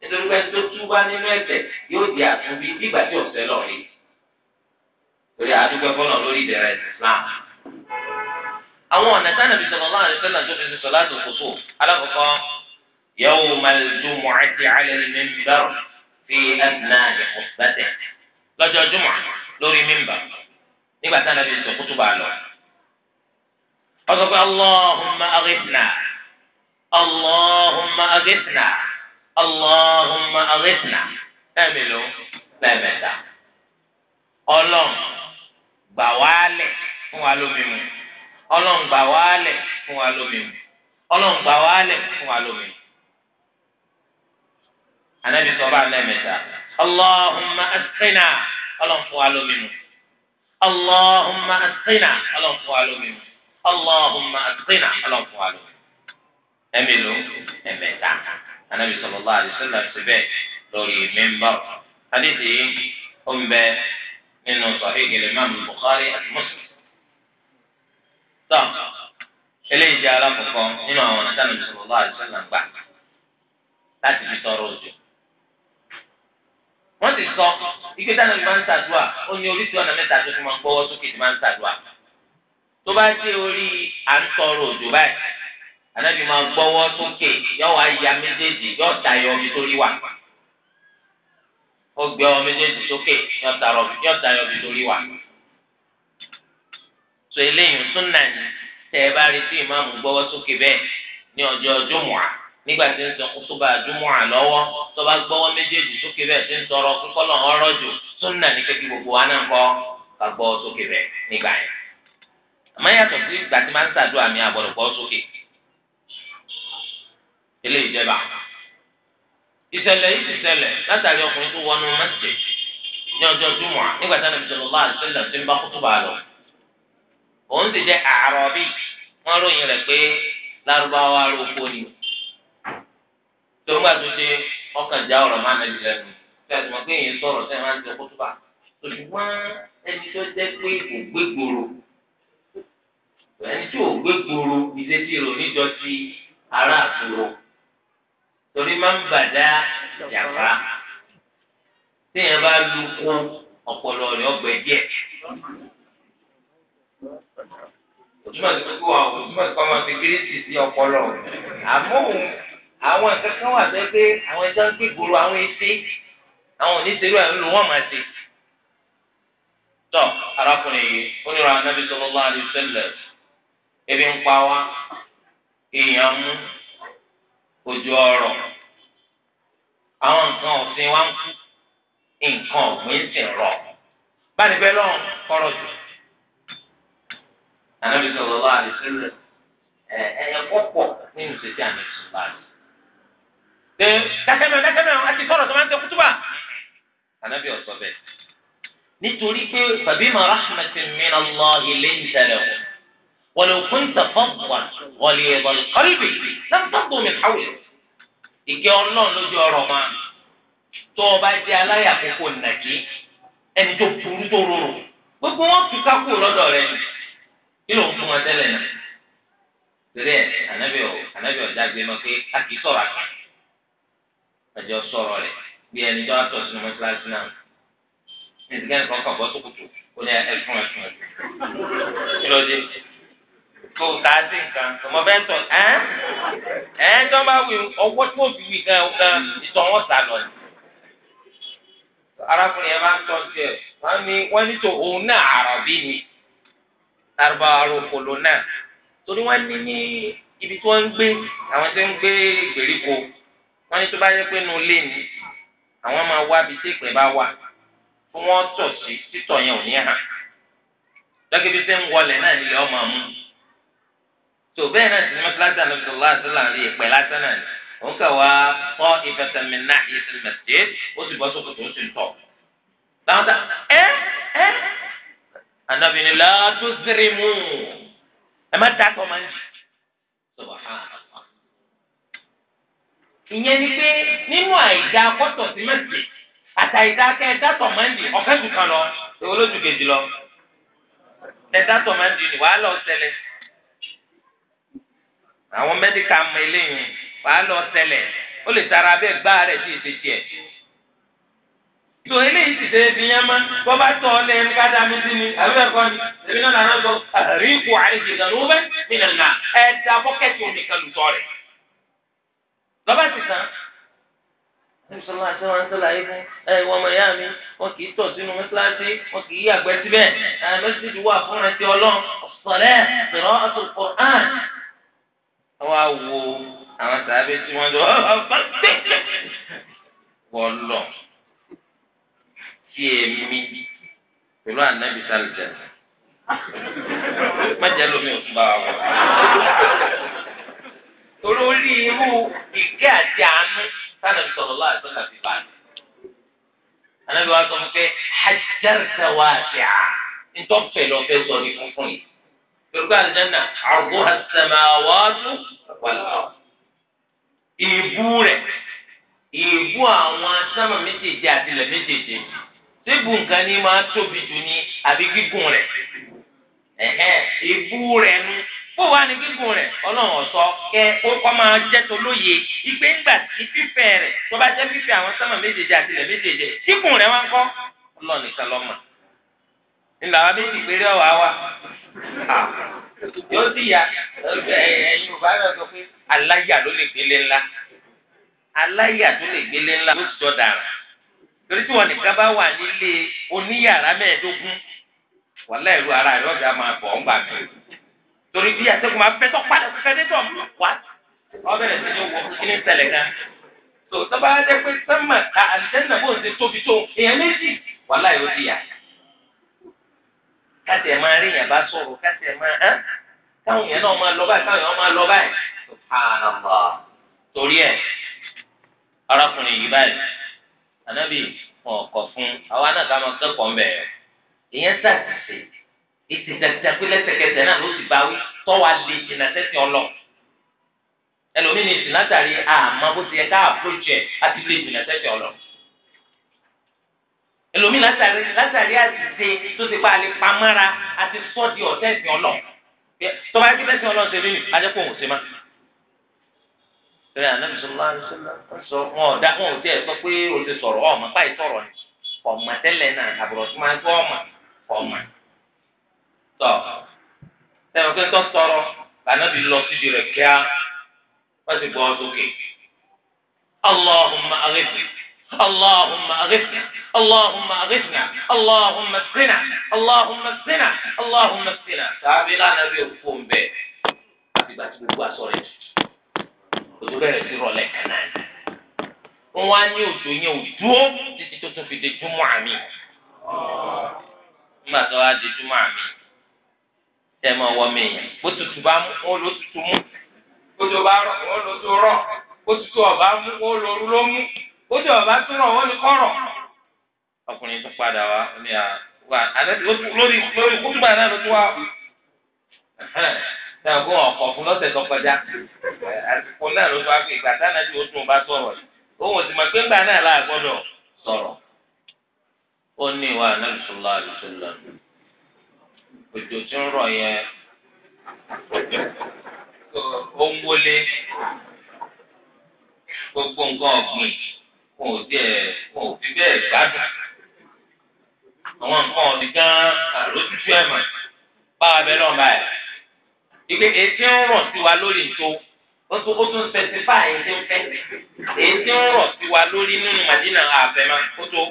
nítorí pé tó tú bá nínú ẹ̀ṣẹ̀ yóò di àtúnbí nígbà tí ọ̀sẹ̀ lọ rí torí àdúgbò fọlọ lórí ìdẹ̀rẹ̀ Islam. àwọn ọ̀nà tí Ànábì sallallahu alaihi wasallam tó fi ṣe salatu kusuf alákọ̀ọ́kọ́ yawmal jumu'ati 'ala al-minbar fi adna ìkọ̀sílẹ̀ lọ́jọ́ jùmọ̀ lórí mímbà nígbà tí Ànábì sọ kútùbà lọ. ọ̀sọ̀ Allahumma aghithna lẹ́ẹ̀mẹ́lò lẹ́ẹ̀mẹ́ta. Ọlọ́run gbà wálẹ̀ fún wa lómi mu. Ọlọ́run gbà wálẹ̀ fún wa lómi mu. Ọlọ́run gbà wálẹ̀ fún wa lómi mu. sọ bá lẹ́ẹ̀mẹ́ta. Allahumma fún wa lómi mu. Allahumma anabi sallallahu alaihi wasallam síbẹ̀ lórí mímbà hadith yìí ó ń bẹ nínú sahih imam bukhari àti muslim tán eléyìí jẹ alákọ̀ọ́kọ́ nínú àwọn ọ̀nà tánàbí sallallahu alaihi wasallam gbà láti fi tọrọ òjò wọ́n ti sọ ike tánàbí máa ń ṣàdúà ó ní oríṣi ọ̀nà mẹ́ta tó fi máa ń gbọ́wọ́ sókè tí máa ń ṣàdúà tó bá dé orí à ń tọrọ òjò báyìí anabi máa gbọ́wọ́ sókè yọ wá ya méjèèjì yọ ta yọ bí torí wà ó gbé ọ méjèèjì sókè yọ ta yọ bí torí wà so eléyìí súnà ni tẹ ẹ bá rí sí ìmáàmù gbọ́wọ́ sókè bẹ́ẹ̀ ní ọjọ́ jùmùà nígbà tí ń sọ kútúbà jùmùà lọ́wọ́ tó bá gbọ́wọ́ méjèèjì sókè bẹ́ẹ̀ tí ń tọrọ kúkọlọ ọ̀rọ̀ jù súnà ni kékeré gbogbo wa náà kọ ká gbọ́wọ́ sókè bẹ́ẹ̀ nígbà yẹn àmọ́ yàtọ̀ sí ìgbà tí ilé ìjẹba ìṣẹ̀lẹ̀ yìí ti ṣẹlẹ̀ látàrí ọkùnrin tó wọnú mẹsẹ ní ọjọ́ júmọ nígbà tí anabi sọlọ bá àṣẹlẹ tó ń bá kútùbà lọ òun ti jẹ àárọ̀ bí wọn ròyìn rẹ̀ pé lárúbáwá aróko ni tó ń gbà tó ṣe ọkàn já ọ̀rọ̀ máa nàbí lẹ́nu tí a ti mọ pé èyí sọ̀rọ̀ sẹ máa ń jẹ kútùbà ṣùgbọ́n ẹni tó jẹ pé kò gbé gbòòrò ẹni tí gbé gbòòrò ìdẹ́tì rò níjọ ti ará àtúrò torí máa ń bàdá yàrá téèyàn bá lu kún ọpọlọ rẹ ọgbẹ díẹ̀ òtúmọ̀ sí kókó àwọn òtúmọ̀ sí kọ́mọ fi kérésì sí ọpọlọ àmọ́ àwọn kankan wà sẹ́ pé àwọn ẹja ń gbégboro àwọn ẹsẹ̀ àwọn oníṣẹ́rú àwọn olùwọ́n máa ṣe. tọ́ arákùnrin yìí ó ní ra anábì sallallahu ebi ń pa wá èèyàn mú ojú ọrọ̀ àwọn nǹkan ọ̀sìn wa ń kú nǹkan ọ̀gbìn sì ń rọ̀ báni bẹ́ẹ̀ lọ́rùn kọ́rọ̀ jù. Ànábi sọ̀rọ̀ lọ́wọ́ àdìsílẹ̀ ẹ̀yẹ pọ̀pọ̀ nínú ìṣẹ̀tì àmì ìṣùpá rẹ̀. Ṣé dákẹ́mẹ̀ dákẹ́mẹ̀ a ti sọ̀rọ̀ tó máa ń tẹ kútúbà? Ànábi ọ̀sọ̀ bẹ́ẹ̀. Nítorí pé bàbí màá rahmatin min Allah ilé ìṣẹ̀lẹ̀ wọn. ولو كنت فظا غليظ القلب لم تفضوا من حولك ìkẹ́ ọlọ́run lójú ọ̀rọ̀ ma tó o bá jẹ́ aláyàkókò nàkí ẹni tó burú tó rorò gbogbo wọn tún kákó lọ́dọ̀ rẹ kí ló ń fún wọn tẹ́lẹ̀ náà torí ẹ ànábì ọ ànábì ọjà gbé mọ pé a kì í sọ̀rọ̀ àgbà àjọ sọ̀rọ̀ rẹ bí ẹni tó àtọ̀ sínú mọ́tíláṣí náà ní ìdíkẹ́ nìkan kàn bọ́ sókòtò ó ní ẹ̀fún ẹ̀fún ẹ̀fún kí ló dé. kò tà á nǹkan ọmọ bẹ́ẹ̀ tọ̀ ẹ́ ẹ́ tó bá wí ọwọ́ tó fi wí gan ọzọ ìtọ̀ wọn sà lọ arákùnrin yẹn bá ń tọ́ tiẹ̀ wọ́n ní wọ́n ní tó òun náà ni náà torí wọ́n ní ní ibi tí wọ́n ń gbé àwọn tí ń gbé ìgbèríko wọ́n ní tó bá yẹ pé ni àwọn máa wá tí ìpè bá wà tọ̀ sí títọ̀ tó bẹ́ẹ̀ náà sì ní mẹ́tíláṣà ní bìtọ̀ láti láàrin ìpẹ́ lásán náà ni òun kà wá kọ́ ìfẹsẹ̀mí náà ìfẹsẹ̀ mẹ́tíé ó sì bọ́ sókòtò ó sì ń tọ̀. táwọn sá ẹ ẹ anábìnrin látó sírí mú ẹ má dákọ̀ máa ń jì sọ̀rọ̀ hàn. ìyẹn ni pé nínú àìdá kọ́tọ̀ sí mẹ́tíé àtàìdá kẹ́ ẹ máa ń jì ọ̀kẹ́ jù kan lọ olójú kejì lọ ẹ dátọ̀ máa ń jì ni wàhálà ọ̀sẹ̀lẹ̀ àwọn mẹ́díkà mọ eléyìí wàá lọ tẹlẹ̀ ó lè tara bẹ́ẹ̀ gbá rẹ̀ sí ètè tiẹ̀. tó eléyìí ti ṣe ibi yẹn mọ́ bọ́ bá tọ̀ ọ́ lẹ́yìn ká dá mi sí ni àbí ẹ̀kọ́ ni èmi náà nàá sọ rí ipò àrèjì ìdánwò bẹ́ẹ̀ mí nà nà ẹ̀ da kan lù tọ́ lọ́ba ti tán nísọlá àti wọn sọlá yìí fún ẹ ìwọ ọmọ ìyá mi wọn kì í tọ̀ sínú mẹsàlásì wọn kì í yàgbẹ́ síbẹ̀ ẹ mẹsàlásì wà fún ẹtì Ọlọ́run ọsọlẹ ìrọ ọtún kọrán wọ́n wá wo àwọn sàábé tí wọ́n jọ ah, ah, ah, wọ́n lọ kí èmi pẹ̀lú ànábì sálìjà mẹ́jẹ lómi ò bá wọn. olórí irú ìgé àti àánú sálàbí sọ̀rọ̀ láti sọ̀rọ̀ àti bàánú. ànábì wa sọ fún pé hajjarta wasi'a ntọ́fẹ̀ lọ́fẹ́ sọ ní funfun yìí gbogbo àlùjáná àrùbó àtẹmáwájú wàlúwà ìbú rẹ ìbú àwọn sámà méjèèjì àti ilẹ̀ méjèèjì síbu nǹkan ní máa tóbi jù ní àbí gígùn rẹ ìbú rẹ nu kó wá ní gígùn rẹ ọlọ́run ọ̀sọ́ kẹ kó kọ́ máa jẹ́ tó lóye ìgbé ńgbà ní fífẹ̀ rẹ tó bá jẹ́ fífẹ̀ àwọn sámà méjèèjì àti méjèèjì gígùn rẹ wá ń kọ́ ọlọ́run nìkan lọ́mọ ńlá wa méjì péré ọ̀wá wa yóò sì yá ẹ̀yin ò bá yọ sọ pé aláyà ló lè gbélé ńlá aláyà tó lè gbélé ńlá ló sọ dàrá torí tí wọn nìkan bá wà nílé oníyàrá mẹ́ẹ̀ẹ́dógún wàhálà ìlú ara rẹ̀ ọjà máa bọ̀ ọ́n gbà mí torí bí àtẹkùn máa fẹ́ tó padà fẹ́ dé tọ̀ wá ọbẹ̀rẹ̀ sí ni wọ kíní ṣẹlẹ̀ gan tó tọ́ba jẹ́ pé sẹ́mà àti sẹ́nà bó ń ṣe tóbi tó èèyàn méjì wàhálà ìlú ti yàtọ̀ kátẹ máa rí yàn bá sọ̀rọ̀ kátẹ máa hàn káwọn yẹn náà máa lọ báyìí káwọn yẹn máa lọ báyìí subhanallah torí ẹ arákùnrin yìí báyìí ànábì ọkọ fún àwa náà ká máa kẹ́kọ̀ọ́ mbẹ ìyẹn sàtìsì ìtìtàtìtà pé lẹ́sẹ̀kẹsẹ̀ náà ló ti bá wí tọwà lè jìnnà sẹsẹ ọlọ ẹlòmínì ìsìn látàrí àmọ́ bó ti yẹ ká àpòjẹ àti lè ẹlòmíì látàrí látàrí àtìsẹ tó ti pa àlè pamọ́ra àti sọ́ọ̀dì ọ̀tẹ́ ìsìn ọlọ́ tọ́ba ẹbí lẹ́sìn ọlọ́run ṣe lónìí ajẹ́pọ̀ òun ṣe má. ìrìn àná bisimilá bisimilá sọ wọn ò dá wọn ò tiẹ̀ sọ pé o ti sọ̀rọ̀ ọ̀mà báyìí sọ̀rọ̀ ni ọ̀mà tẹ́lẹ̀ náà àbúrò tó máa tó ọ̀mà ọ̀mà. tọ́ sẹ́wọ̀n pé tó sọ̀rọ̀ lànàbí lọ síbi rẹ̀ kíá wọ́n ti gbọ́ sókè. allahumma aghithna اللهم أغثنا اللهم أغثنا اللهم اسقنا اللهم اسقنا اللهم اسقنا tàbí lánàá bí òkú ń bẹ àtìgbà tí gbogbo àsọ̀rọ̀ yẹn òjò bẹ̀rẹ̀ sí rọlẹ̀ kanáà ń wá ní òjò yẹn ò dúró títí tó tún fi de júmọ́ àmì nígbà tó wá de júmọ́ àmì tẹ́ mọ́ ọwọ́ mi yẹn bó tutù bá mú ó ló tutù mú bó tó bá rọ̀ ó ló tó rọ̀ bó tutù ọ̀bá mú ó ló ló mú bójú ọba tún rọ wọn ní kọrọ ọkùnrin tún padà wá ní à wà àtẹ́tí lórí lórí kúndùbà náà ló tún wá náà kó ọkọ̀ fún lọ́sẹ̀ tó kọjá àsìkò náà ló tún wá pé ìgbà táná tí ó tún bá sọ̀rọ̀ yìí òun ti mọ̀ pé ńgbà náà láà gbọ́dọ̀ sọ̀rọ̀ ó ní ìwà anábìsọ̀lá àdìsọ̀lá òjò tí ń rọ̀ yẹn ó ń wọlé gbogbo nǹkan ọ̀gbìn wọn ò tiẹ̀ wọn ò fi bẹ́ẹ̀ gbádùn àwọn nǹkan ọ̀dì gan àlójútú ẹ̀ mọ̀ báwa bẹ́ẹ̀ lọ́nà báyìí ìpè ètí ń rọ̀ sí wa lórí nǹtó ó tún ó tún spẹsifá ètí ń fẹ́ ètí ń rọ̀ sí wa lórí nínú màdínà àfẹ́má ó tó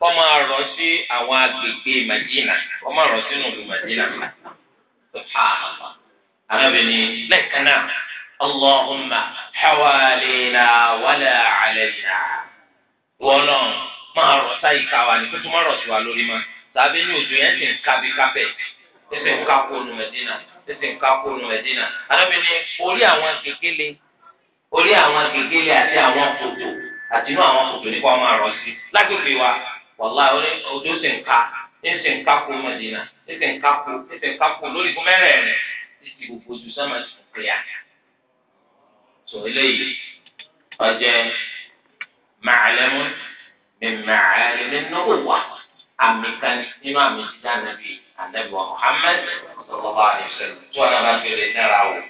kọ́ máa rọ̀ sí àwọn agbègbè màdínà kọ́ máa rọ̀ sínú ìlú màdínà àwọn obìnrin lẹ́ẹ̀kan náà. اللهم حوالينا ولا علينا wọlọ́n máa rọ̀ sáyì ká wa ní pé tó má rọ̀ sí wa lórí ma tàbí ní òjò yẹn ti ń ka bí kápẹ́ tètè ń ká kó nu mẹ́dínà tètè ń ká kó nu mẹ́dínà alábìíní orí àwọn gègéle orí àwọn gègéle àti àwọn kòtò àti inú àwọn kòtò nípa máa rọ̀ sí lágbègbè wa wàlá òjò sì ń ká ń sì ń ká kó mẹ́dínà ń sì ń ká kó ń sì ń ká kó lórí fún mẹ́rẹ̀ẹ̀rẹ̀ títí gbogbo ojú sọ́mà sì ń pè é àná sọ eléyìí ọjẹ màálẹmú mi màálẹ nínú wà àmì kan nínú àmì dídá nàbí ànábì wa Muhammad sallallahu alaihi wasallam tí wọn bá fi lè dára wò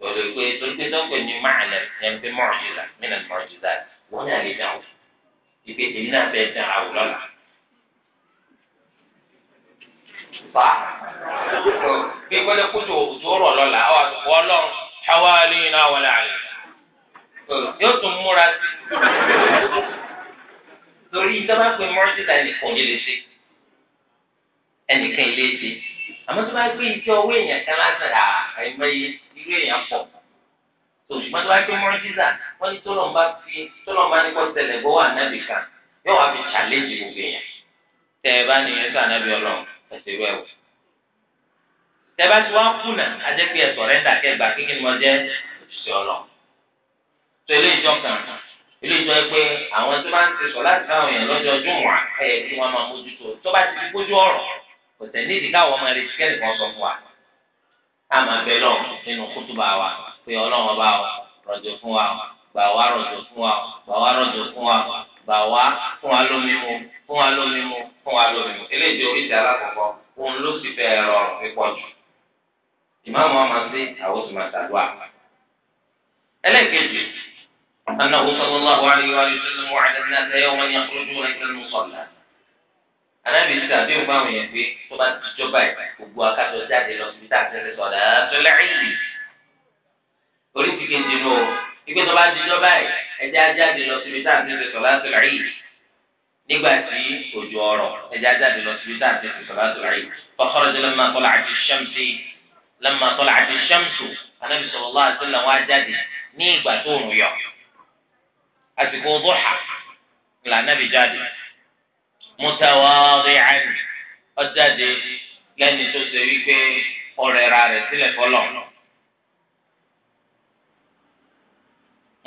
lórí pé torí pé dọ́kọ̀ ní màálẹ yẹn fi mọ̀ọ́jìlá mìíràn mọ̀ọ́jìlá wọn ní àlè dáwò ìpè èmi náà fẹ́ dára wò lọ́la. Fa gbẹgbẹdẹ kótó òjò rọ̀ lọ́la ọ̀ ọlọ́run hawalina wala alina yóò tún múra sí torí ìjọba pé mọ́tìlá nìkan yìí lè ṣe ẹnìkan ilé ṣe àmọ́ tó bá gbé ìjọ owó èèyàn kan lásán rà àìmọye irú èèyàn pọ̀ òṣùpá tó bá gbé mọ́tìlá wọ́n ní tọ́lọ̀ bá fi tọ́lọ̀ bá ní kọ́ tẹ̀lẹ̀ bọ́ wà kan yóò wá fi challenge gbogbo èèyàn tẹ̀ ẹ bá nìyẹn sọ ànábì ọlọ́run ẹ̀sẹ̀ wẹ̀ wò tẹ́bá tí wọ́n kùnà ajẹ́pẹ́ ẹ̀ sọ̀rẹ́ńdà kẹgbà kékeré mọ́ jẹ́ òṣìṣẹ́ ọlọ́ tó ilé ìjọ kan ilé ìjọ pé àwọn tó bá ń ti sọ láti fáwọn èèyàn lọ́jọ́ júmọ̀ ẹ̀yẹ kí wọ́n máa mójútó tó bá ti fi kójú ọ̀rọ̀ kò tẹ̀ ní ìdíkà àwọn ọmọ rẹ̀ ṣiṣẹ́ nìkan sọ fún wa a máa bẹ lọ nínú kútùbà wa pé ọlọ́run bá wa rọ̀jò fún wa gbà wá rọ̀jò fún wa gbà wá rọ̀jò fún wa gbà wá fún wa lómi mu fún wa lómi mu fún wa lómi mu ilé ìjọ oríṣi alákọ̀ọ́kọ́ òun ló sì fẹ́ rọrùn pípọ̀ jù ìmáàmù wa máa ṣe àwọn oṣù máa ṣàdúrà. ẹlẹ́ẹ̀kejì أنه صلى الله عليه وآله وسلم وعد الناس يوما يخرجون إلى المصلى anábì sí àdéhùn báwọn yẹn pé tó bá ti jọba ẹ gbogbo akájọ jáde lọ síbi tá a ti ń sọ dáadọ́ láìsí orí ti kejì nù o ìgbé tó bá ti jọba ẹ ẹjẹ ajáde lọ síbi tá a ti ń sọ dáadọ́ láìsí nígbà tí òjò ọ̀rọ̀ ẹjẹ ajáde lọ síbi tá a ti ń sọ dáadọ́ láìsí. فخرج لما طلعت الشمس lamma tala'at ash-shamsu anabi sallallahu alaihi wasallam wá jáde ní ìgbà tó ń yọ àsìkò duha là anabi jáde mutawadi'an ó jáde lẹ́ni tó ṣe wípé ọ̀rẹ́ ra rẹ̀ sílẹ̀ fọlọ́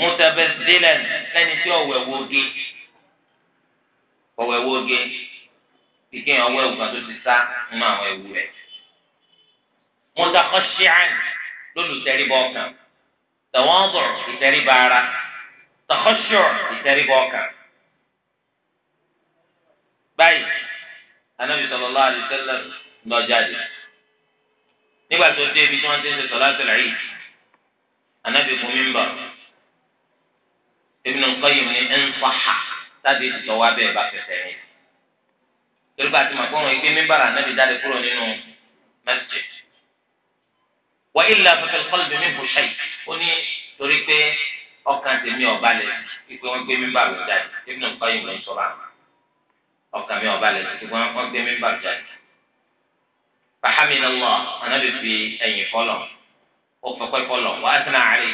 mutabazzilan lẹ́ni tí ọ̀wẹ̀ woge ọ̀wẹ̀ woge kíkẹ́ ọ̀wẹ̀ ògbà tó ti sá nínú àwọn ewu rẹ̀ mutakọ́ṣíàn lólùtẹ́ríbọ̀ kan tẹ̀wọ́nbọ̀ ìtẹ́ríbọ̀ ara tẹ̀kọ́ṣọ̀ ìtẹ́ríbọ̀ kan. báyìí anábì sallallahu alaihi wasallam lọ jáde nígbà tó dé ibi tí wọ́n ti ń ṣe salatul Eid anábì fún mi ń bọ̀ Ibn al-Qayyim ní ẹ̀ ń fàá sáde ìtọ́wá bẹ́ẹ̀ bá fẹsẹ̀ rìn. torí bá a ti mọ̀ pé òun mímbàrà anábì jáde kúrò nínú mẹ́sìtì. wà ilà fífi kọ́lùbì mi bù ṣe ó ní torí pé ọkàn tèmi ọba lẹ ìpè wọn gbé mímbà rẹ jáde ibi náà nǹkan yìí ló ń sọ ọkàn mi ọba lẹ ṣùgbọ́n wọn gbé mímbà rẹ jáde. fi fọlọ ó fẹpẹ fọlọ wà á sinà àárẹ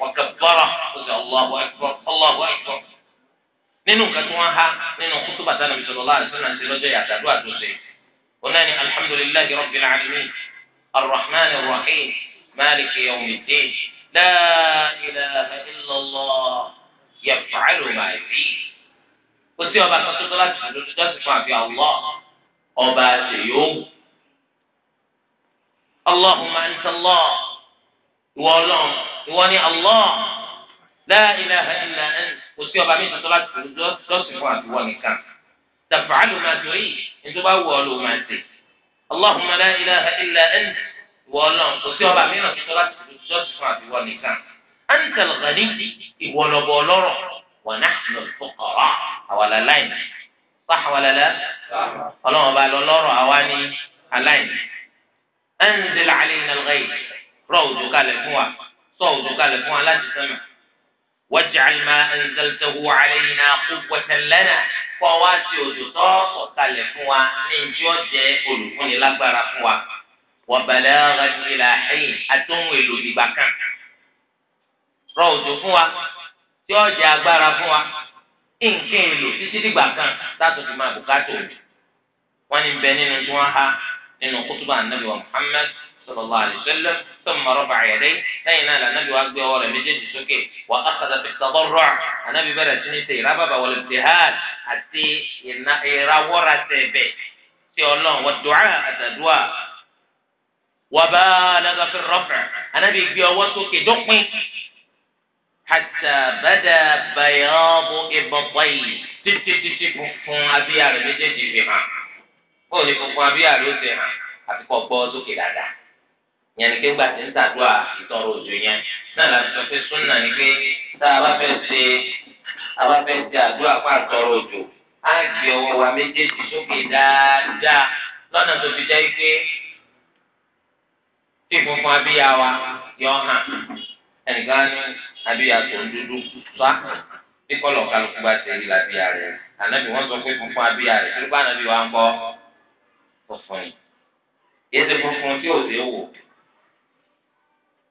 ó bọrọ ó ọlọwọ ọlọwọ nínú nǹkan tí wọn há nínú الرحمن الرحيم مالك يوم الدين لا إله إلا الله يفعل ما يريد قلت يا بعد فترة لا تفعل في الله وبعد يوم اللهم أنت الله وعلم وأني الله لا إله إلا أنت قلت يا بعد فترة لا تفعل في الله وبعد يوم تفعل ما تريد انتبه وعلم ما تريد Allahumma la ilaha illa ant ìwọ ọlọ́run kò sí ọba mìíràn tó láti fi ṣọ́ọ̀ṣì fún àbíwọ nìkan antal ghani ìwọ lọ́bọ ọlọ́rọ̀ wa nahnu al-fuqara àwàlà láìní sáà wàlà lá ọlọ́run ọba lọ́lọ́rọ̀ àwa ní aláìní anzil alayna al-ghayth rọ òjò kalẹ̀ fún wa sọ òjò kalẹ̀ fún wa láti sẹ́nu. واجعل ما أنزلته علينا قوة لنا فواتي وزطاق وكالفوا من جوجة ألفون لبرفوا وبلاغا إلى حين أتنوي لبكا روض فوا جوجة برفوا إن كان لو تسيدي بكا تاتو ما بكاتو وان بنين جوانها إنه خطبة النبي محمد sallallahu alaihi wasallam thumma rafa'a yadayhi lẹ́yìn náà lànàbí wa gbé ọwọ́ rẹ̀ méjèèjì sókè wa akhadha bit-tadarru' ànàbí bẹ̀rẹ̀ sí ní ṣe ìrábàbà wal-ibtihal àti ìrawọ́ra tẹ̀bẹ̀ tí ọlọ́run wọ́n dùn àtàdúrà wa balagha fir-raf' ànàbí gbé ọwọ́ sókè dópin hatta bada bayadu ibtayhi títí títí funfun abíyá rẹ̀ méjèèjì fi hàn bóòlù funfun abíyá rẹ̀ ó ti hàn àti kọ́ gbọ́ sókè dáadáa yẹn ni kéwàá ti ń tàdúrà ìtọrọ òjò yẹn náà láti sọ pé súnà ni pé tá a bá fẹ́ ṣe a bá fẹ́ ṣe àdúrà pa ìtọrọ òjò á gbé ọwọ́ wa méjèèjì sókè dáadáa lọ́nà tó fi jẹ́ pé tí funfun abíyá wa yọ hàn ẹnìkan ní abíyá tó ń dúdú sọ bí kọlọ kálukú bá ti rí labíyá rẹ ànábì wọn sọ pé funfun abíyá rẹ tó bá ànábì wa ń bọ funfun yìí yéé ṣe funfun tí ò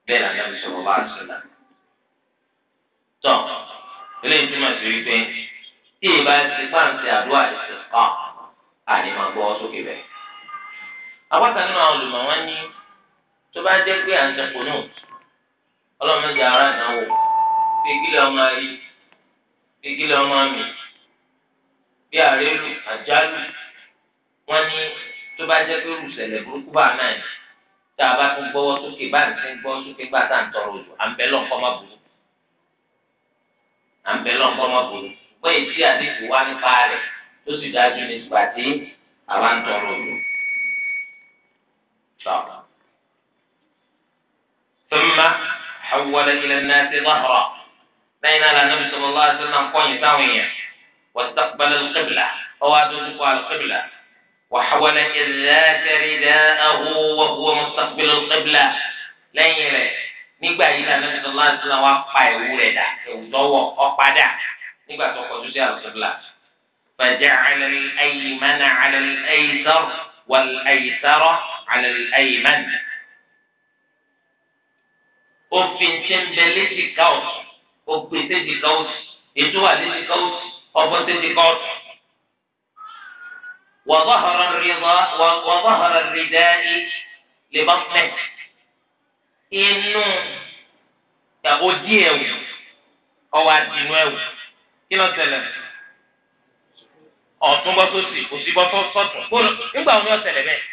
bẹ́ẹ̀ náà nàbì sọ̀rọ̀ bá àṣìlá. tọ́ eléyìí túmọ̀ sí wípé tí ìbá ti pàǹtí àdúrà àní máa gbọ́ sókè bẹ́ẹ̀. nínú àwọn olùmọ̀ wọn ní tó bá jẹ́ pé à ń ọlọ́mọdé ara ìnáwó ọmọ ayé ọmọ bí àjálù wọn ní tó bá jẹ́ pé rùsẹ̀lẹ̀ burúkú bá tá a bá tún gbọ́wọ́ sókè báyìí tún gbọ́wọ́ sókè gbà tá à ń tọrọ òjò à ń bẹ lọ́nkọ́ má burú à ń bẹ lọ́nkọ́ má burú wọ́n èyí tí àdéhùn wá nípa rẹ̀ tó sì dájú ní ìgbà tí àwa ń tọrọ òjò. ثم حول إلى الناس ظهرا بين النبي صلى الله عليه وسلم قوي ساوية واستقبل القبلة أو على القبلة وحول إذاك رداءه وهو مستقبل القبلة لين له nígbà yìí la nàbẹ sọlá ṣẹlẹ wa pa ìwú rẹ̀ dà ìwú tọwọ ọpadà nígbà tó kọjú sí àlùsọlá fàjà àlẹl ayimánà àlẹl ayisọr wàl ayisọrọ àlẹl ayimánà. òfin tí ń bẹ létí káwọsì òpè tẹ́jì káwọsì ètò wà létí káwọsì ọbọ tẹ́jì káwọsì. وظهر الرضا وظهر الرداء لبطنه إنه òdì ẹ̀wù ọwọ́ كلا ẹ̀wù kí ló ṣẹlẹ̀ ọ̀tún bọ́ sósì òsì bọ́ sọ́tún gbọ́dọ̀ nígbà wọn ni wọ́n ṣẹlẹ̀ bẹ́ẹ̀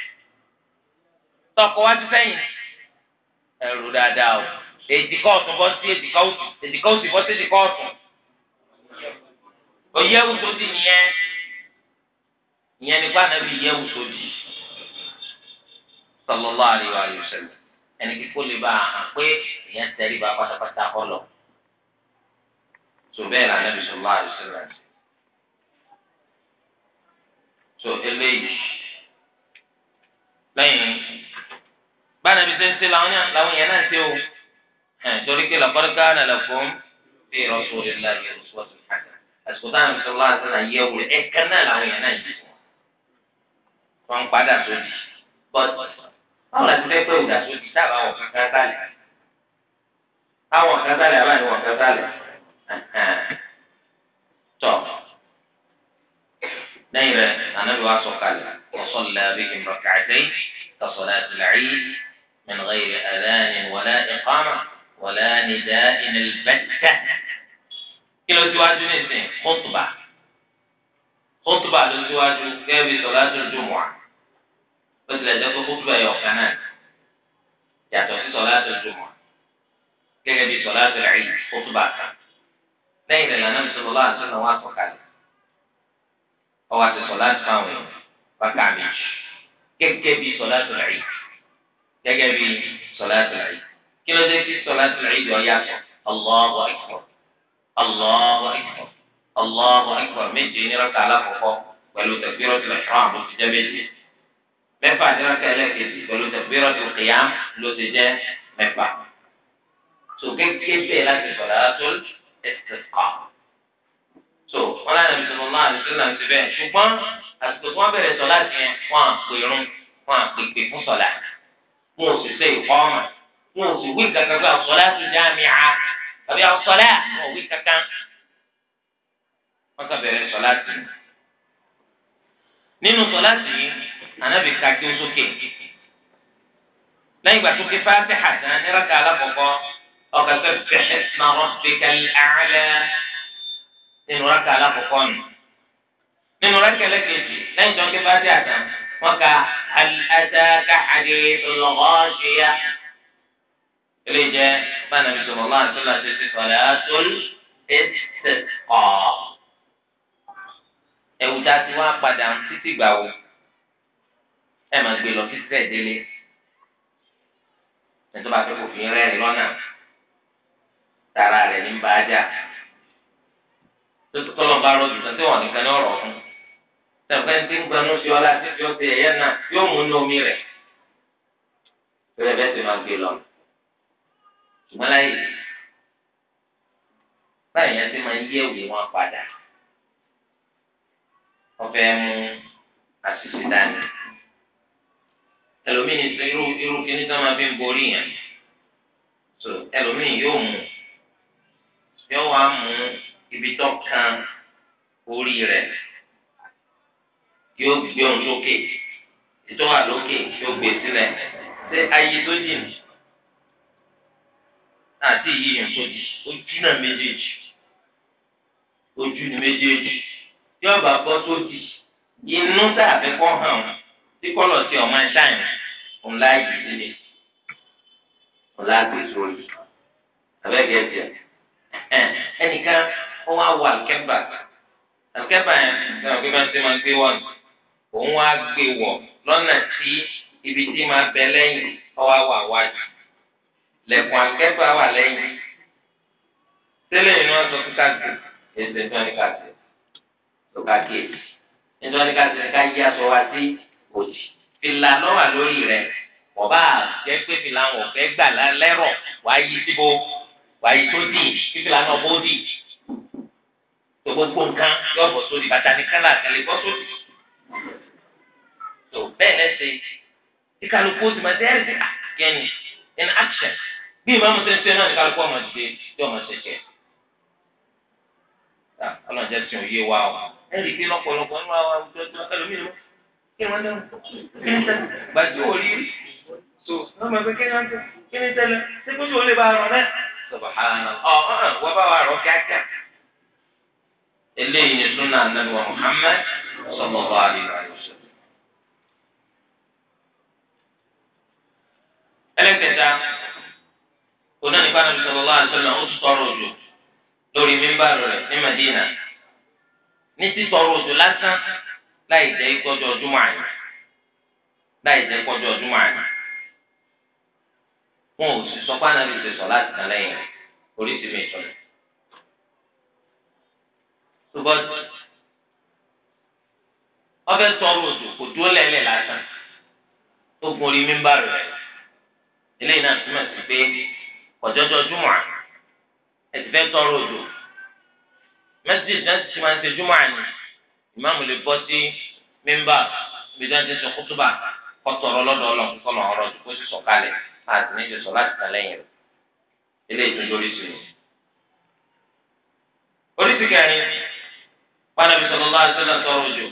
tọkọ wájú sẹ́yìn ẹ̀rù dáadáa o èdìkọ́ ọ̀tún bọ́ sí èdìkọ́ òsì bọ́ sí èdìkọ́ ọ̀tún òye tó ti nìyẹn. ìyẹn nípa nàbí yẹwù sódì sallallahu alaihi àríwá sallam ẹni kíkó lè bá hàn pé ìyẹn tẹrí ba pátápátá ọlọ tó bẹ́ẹ̀ là nàbí sallallahu alaihi wa sallam tó eléyìí lẹ́yìn nàbí sẹ́ńsẹ́ làwọn yẹn náà ń ṣe o ẹ torí ké lọ́kọ́dọ́ká náà lè fún bí rọ́ṣọ́ lè la yẹ rọ́ṣọ́ tó ń hàn àsìkò táwọn sọ̀rọ̀ àti náà yẹ wò ẹ̀ka náà làwọn yẹn náà yẹ wò. wọn padà sódì bọ́t báwo la ti fẹ́ pé òdà sódì dábàá wọn kankan sálẹ̀ àwọn kankan sálẹ̀ àbáyé wọn kankan sálẹ̀ tọ́ lẹ́yìn rẹ̀ ànábi wa sọ kalẹ̀ ọ̀sán làbí ìmọ̀kàdé kàṣọ̀lá tìlàyé من غير أذان ولا إقامة ولا نداء البتة كيلو تواجه نسين خطبة خطبة لو كيف صلاة الجمعة bó tilẹ̀ jẹ́ pé kótó ẹ̀yọ̀ kan náà yàtọ̀ sí sọ̀lá àtọ̀jùmọ̀ gẹ́gẹ́ bí sọ̀lá àtọ̀jùmọ̀ kótó bá kan lẹ́yìn rẹ̀ lànà ìṣòlọ́lá àtọ̀nà wà sọ̀kalẹ̀ ọwọ́ àti sọ̀lá àtọ̀wẹ̀ bàkà méjì gẹ́gẹ́ bí sọ̀lá àtọ̀jùmọ̀ gẹ́gẹ́ bí sọ̀lá àtọ̀jùmọ̀ kí ló dé sí sọ̀lá àtọ̀jùmọ̀ yọ yàtọ̀ Allahu akbar Allahu akbar Allahu akbar méje ní rákà alákọ̀ọ́kọ́ pẹ̀lú tẹ̀gbírọ̀ tẹ̀lẹ̀ mẹ́fà níraka ẹlẹ́kejì pẹ̀lú tẹ̀gbẹ́rọ̀ tó kéyà ló ti jẹ́ mẹ́fà. tó kéke bẹ́ẹ̀ láti sọ̀rọ̀ àtó ẹ̀sẹ̀ kọ́. tó wọn láti ẹ̀mí sọ̀rọ̀ náà àti sọ̀rọ̀ àti bẹ́ẹ̀ ṣùgbọ́n àsìkò tí wọ́n bẹ̀rẹ̀ sọ láti yẹn wọ́n à pè irun wọ́n à pè pè fún sọ̀lá. wọn ò sì wí kankan pé àsọ̀lá já mi à àbí àsọ̀lá wọn wí kankan anabi ka kí n sókè lẹ́yìn ìgbà tó ké fatiha tán níraka alákọ̀ọ́kọ́ ọkọ̀ ẹgbẹ́ bẹ̀rẹ̀ sọ̀rọ̀ bẹ̀kẹ́lì àárẹ̀ nínú raka alákọ̀ọ́kọ́ nù nínú raka ẹlẹ́kẹ̀jì lẹ́yìn tó ké fatiha tán wọ́n ka alẹ́sàkà àdé lọ́gọ́ṣìyà ilé jẹ́ báyìí nàbí sọ̀rọ̀ lọ́wọ́ àti lọ́wọ́ àti sọ̀rọ̀ àtúl ẹ̀sìtẹ̀kọ̀ ẹ̀wù tá a ti padà títí gbà wò ẹ máa gbé lọ sí tẹ̀ délé ẹ̀tọ́ bá fẹ́ kò fi rẹ́rìn lọ́nà tara rẹ̀ ní bá a jà tó lọ́n bá rọ́ọ̀dù tán tí wọ́n nìkan ní ọ̀rọ̀ fún tẹ̀fẹ́ tí ń gbanú sí ọlá tí fi ọtí ẹ̀yẹ náà yóò mú ní omi rẹ̀ bẹ́ẹ̀ bẹ́ẹ̀ ti máa gbé lọ ṣùgbọ́n láyé báyìí yẹn ti máa yí ẹ̀wì wọn padà wọ́n fẹ́ mú àṣìṣe dání ẹlòmíì sọ irú irú kíní tí wọn máa fi ń borí yẹn so ẹlòmíì yóò mú yóò wá mú ibi tó kan orí rẹ̀ yóò gbé ohun sókè ètò wà lókè yóò gbé sílẹ̀ ṣé ayé tó jìn àti ìyíyàn tó jì ojú náà méjèèjì ojú ni méjèèjì yóò bá bọ́ sódì inú tá a fẹ́ kọ́ hàn tí kọ́lọ̀ tí ọmọ ẹ̀ ṣáà òun láì jù sílẹ̀ òun láì gbé sórí abẹ́gẹ́ tiẹ̀ ẹnìkan ó wá wọ àlùkẹ́bà àlùkẹ́bà yẹn ṣe wọn pé máa ń ṣe máa ń gbé wọ̀ ní òun wá gbé wọ̀ lọ́nà tí ibi tí máa bẹ lẹ́yìn ọwọ́ wà wájú lẹ́kùn àlùkẹ́bà wà lẹ́yìn tẹ́lẹ̀ yìí ni wọ́n sọ fún káàkiri ẹsẹ̀ tí wọ́n ní káàkiri ló káàkiri nítorí káàkiri ká yí aṣọ wa sí òjì fìlà náà wà lórí rẹ̀ wọ́n bá jẹ́ pé fìlà wọn fẹ́ gbà lẹ́rọ̀ wàá yí síbo wàá yí tó dì fìlà náà bó dì tó gbogbo nǹkan yóò bọ̀ sórí bàtà nìkan là kẹlẹ̀ bọ́ sórí tó bẹ́ẹ̀ lẹ́sẹ̀ tí kálukú ti máa dẹ́rẹ́ sí àkẹ́ni in action bí ìmáàmù ṣe ń ṣe náà ní kálukú ọmọ ṣe tí ọmọ ṣe ṣe ah, ọlọ́njẹ́ tí ò yé wa ọ ẹ̀rí kí lọ́pọ̀lọpọ̀ nínú àwọn àwùjọ ẹlòmíràn kí wọ́n dẹ́wọ̀n kí ní tẹ́lẹ̀ gbàjú orí tó wọ́n mọ̀ pé kí ní wọ́n tẹ́lẹ̀ kí ní tẹ́lẹ̀ ṣé kójú ò lè bá rọ náà sọ̀bà hànà ọ̀hún wọ́n bá wà rọ kíákíá. eléyìí ni sunna anabi wa Muhammad sallallahu alaihi wasallam. ẹlẹ́kẹta onáà nípa anabi sallallahu alaihi ó sọ̀rọ̀ òjò lórí mímbà rẹ̀ ní Madina ní sísọ̀rọ̀ òjò lásán. láì jẹ́ ìkọjọ́ ọdúnmọ̀ àná láì jẹ́ ìkọjọ́ ọdúnmọ̀ àná wọn ò sì sọ pé ànábì ṣe sọ láti tán lẹ́yìn rẹ̀ mi ṣùgbọ́n ọbẹ̀ tọrọ òjò kò dúró lẹ́lẹ̀ lásán ó gun orí mímbà rẹ̀ eléyìí náà túmọ̀ sí pé ọ̀jọ́jọ́ fẹ́ tọrọ òjò náà ti máa ń ṣe àná. ìmáàmù lè bọ́ sí mímbà gbèdá ti sọ kútúbà kọtọrọ lọ́dọ̀ Ọlọ́run kọlọ ọ̀rọ̀ tó kó sísọ kalẹ̀ láti ní sísọ láti tàn lẹ́yìn rẹ̀ eléyìí tó lórí sí i. oríṣi kẹrin pàdánù sallallahu alaihi wasallam sọ̀rọ̀ òjò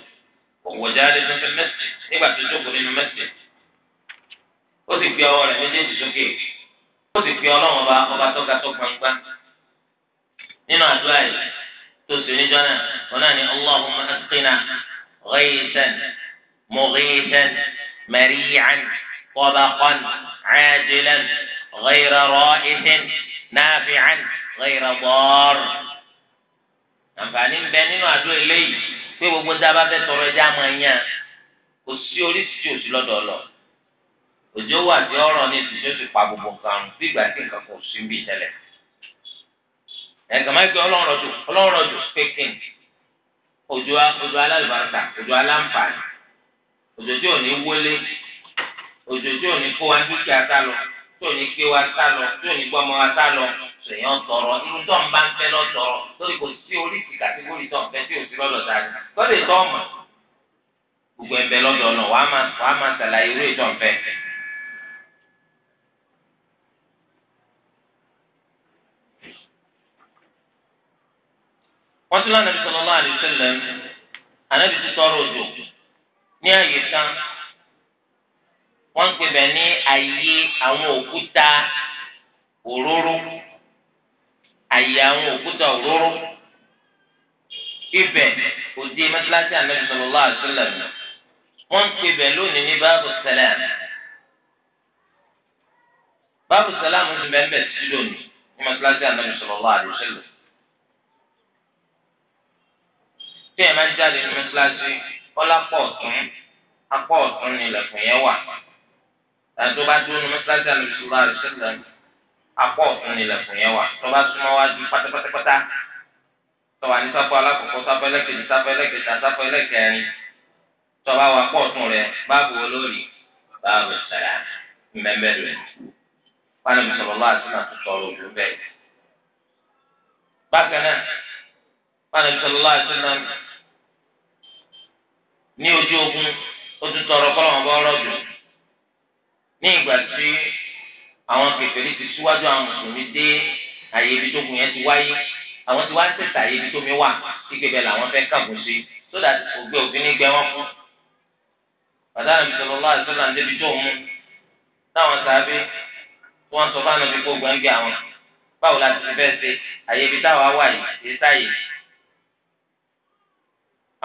òwòjá lè tún fi mẹsì nígbà tó jókòó nínú mẹsì ó sì gbé ọwọ́ rẹ̀ méjèèjì sókè ó sì gbé Ọlọ́run ọba ọba tó ga tó gbangba nínú àdúrà yìí. تسري جنا وناني اللهم اسقنا غيثا مغيثا مريعا طبقا عاجلا غير رائث نافعا غير ضار àǹfààní ń bẹ nínú àdó eléyìí pé gbogbo ń dábàá fẹ́ tọrọ ẹja máa ń yàn kò sí oríṣiríṣi òsì lọ́dọ̀ ọ̀lọ́ òjò wà tí ọ̀rọ̀ ní ìtìjọ́ ti pa gbogbo nǹkan rùn bí ìgbà tí nǹkan kò sí ń bì tẹ́lẹ̀ ẹ̀ka máa ń pè ọlọ́run rọ̀jò ọlọ́run rọ̀jò pékin òjò òjò alálùbáta òjò aláǹfààní òjò tí ò ní wọlé òjò tí ò ní kó wa dúkìá tá lọ tí ò ní gbé wa tá lọ tí ò ní gbọ́mọ wa tá lọ lèyàn tọrọ irú tó ń bá ń fẹ́ lọ tọrọ lórí kò sí oríṣi kàtíkórì tó ń fẹ́ tí òsì lọ́dọ̀ tá a ní lọ́dẹ̀ gbogbo ẹ̀bẹ̀ lọ́dọ̀ náà wàá máa ṣàlàyé irú ètò ọ̀fẹ́ wọ́n tún lánàá bisọ̀ lọ́wọ́ àdìsẹ́lẹ̀ ànábi ti tọrọ òjò ní àyè kan wọ́n ń pè bẹ́ẹ̀ ní àyè àwọn òkúta òróró àyè àwọn òkúta òróró ibẹ̀ òde mẹ́tíláṣí ànábi sọ̀rọ̀ àṣìlẹ̀ wọ́n ń pè bẹ́ẹ̀ lónìí ní báàbù sẹ́lẹ̀m báàbù sẹ́lẹ̀m ń bẹ́ẹ̀ bẹ́ẹ̀ sí lónìí ní mẹ́tíláṣí ànábi sọ̀rọ̀ àṣìlẹ̀. tí ẹ máa ń jáde nínú kíláàsì ọlá pọ̀ ọ̀tún apá ọ̀tún ni ilẹ̀kùn yẹn wà tàbí tó bá dúró nínú kíláàsì àlùsùlá àlùsùlá apá ọ̀tún ni ilẹ̀kùn yẹn wà tó bá súnmọ́ wá ju pátápátápátá tó wà ní sáfọ́ alákòókò sáfọ́ ẹlẹ́kẹ̀jì sáfọ́ ẹlẹ́kẹ̀ta sáfọ́ ẹlẹ́kẹ̀rin tó bá wà pọ̀ ọ̀tún rẹ báàbò olórí báàbò sàrà mẹ́mẹ́rẹ́ ní ojú ogun ó tún tọrọ kọ́lọ́mọ bọ́ rọ́jò ní ìgbà tí àwọn kèfèrí ti síwájú àwọn mùsùlùmí dé àyè ibi tó gun yẹn ti wáyé àwọn ti wá ń tẹ̀sà àyè ibi tó mi wà kíkẹ́ bẹ́ẹ̀ làwọn fẹ́ kàgùn sí sódà ògbé òfin ní gbẹ wọn fún bàtàlà bisalòlá àdúrà ń débi tó mú táwọn sàbí tí wọn sọ fáwọn ọbẹ gbogbo ń gbé àwọn báwo la ti fẹ́ ṣe àyè ibi táwa wà yìí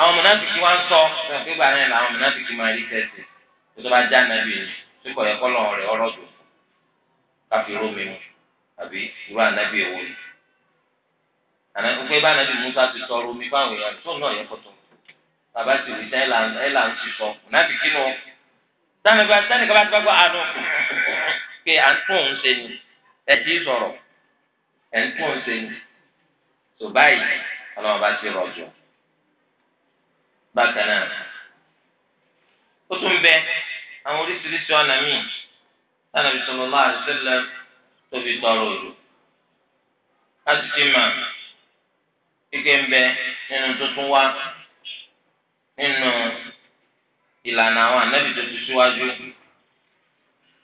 àwọn mọ̀nàfìkì wá ń sọ pé bàbá yẹn làwọn mọ̀nàfìkì máa rí tẹ̀sí tó tó bá já nàbì yìí tó kọ̀ yẹ kọ́lọ̀ rẹ̀ ọ̀rọ̀ dùn káfí rómi mu àbí irú ànábì èwo ni ànábì pé bá ànábì Musa ti sọ rómi fáwọn èèyàn tó náà yẹ kọ́tọ́ bàbá ti rí sẹ́yìn là ń ti sọ mọ̀nàfìkì nù sani sani kaba ti bá gbọ́ àánú *laughs* pé à ń tún òun ṣe ni ẹ ti sọ̀rọ̀ ẹ̀ ń tún òun ṣe ni tó báyìí bákan náà ó tún bẹ àwọn oríṣiríṣi ọ̀nà míì lánàá sallallahu alaihi wasallam tó fi tọrọ òru láti fi mà gẹ́gẹ́ ń bẹ nínú tuntun wá nínú ìlànà àwọn ànábì tó ti síwájú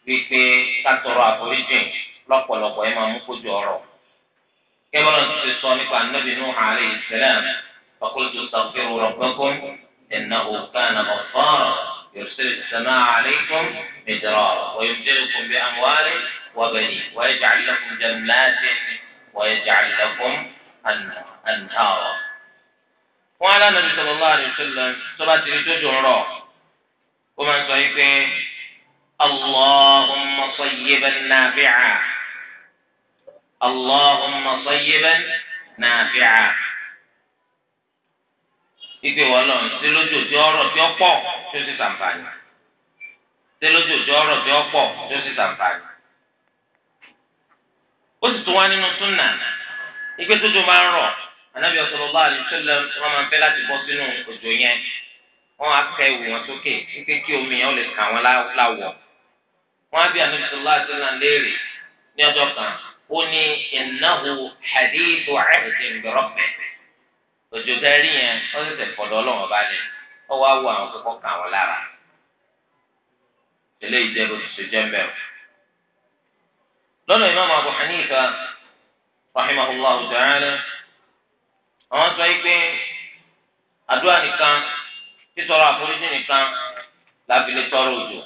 wípé kátọrọ àforíjìn lọ́pọ̀lọpọ̀ ẹ máa mú kójú ọ̀rọ̀ kẹbọrọ ti sọ nípa ànábì Nuh alayhi salam. فقلت استغفروا ربكم إنه كان غفارا يرسل السماء عليكم مدرارا ويمددكم بأموال وبنين ويجعل لكم جنات ويجعل لكم أنهارا وعلى النبي صلى الله عليه وسلم صلاة الجوجر ومن صحيح اللهم صيبا نافعا اللهم صيبا نافعا ìgbé wọn lọ sí lójú tí ọ̀rọ̀ tí ó pọ̀ tó sì sàǹfààní sí lójú tí ọ̀rọ̀ tí ó pọ̀ tó sì sàǹfààní. ó sì tún wá nínú súnà ìgbé tójú máa ń rọ̀ anábìyà sallallahu alaihi wasallam wọn máa ń fẹ́ láti bọ́ sínú òjò yẹn wọn á kẹ ìwò wọn sókè wípé kí omi yẹn ó lè kà wọn láwọ̀ wọn á bí anábìyà sallallahu alaihi wasallam léèrè ní ọjọ́ kan ó ní innahu hadithu 'ahdin bi rabbih òjò tẹ́ rí yẹn ó ṣẹ̀ṣẹ̀ fọ̀dọ̀ ọlọ́run ọba lẹ̀ ó wá wo àwọn kókó kan àwọn lára eléyìí jẹ́ bó ti ṣe jẹ́ mbẹ́ o. lọ́dọ̀ ìmáàmù Abu Hanifa rahimahullahu ta'ala àwọn sọ pé àdúrà nìkan títọrọ àforíjì nìkan láfi tọrọ òjò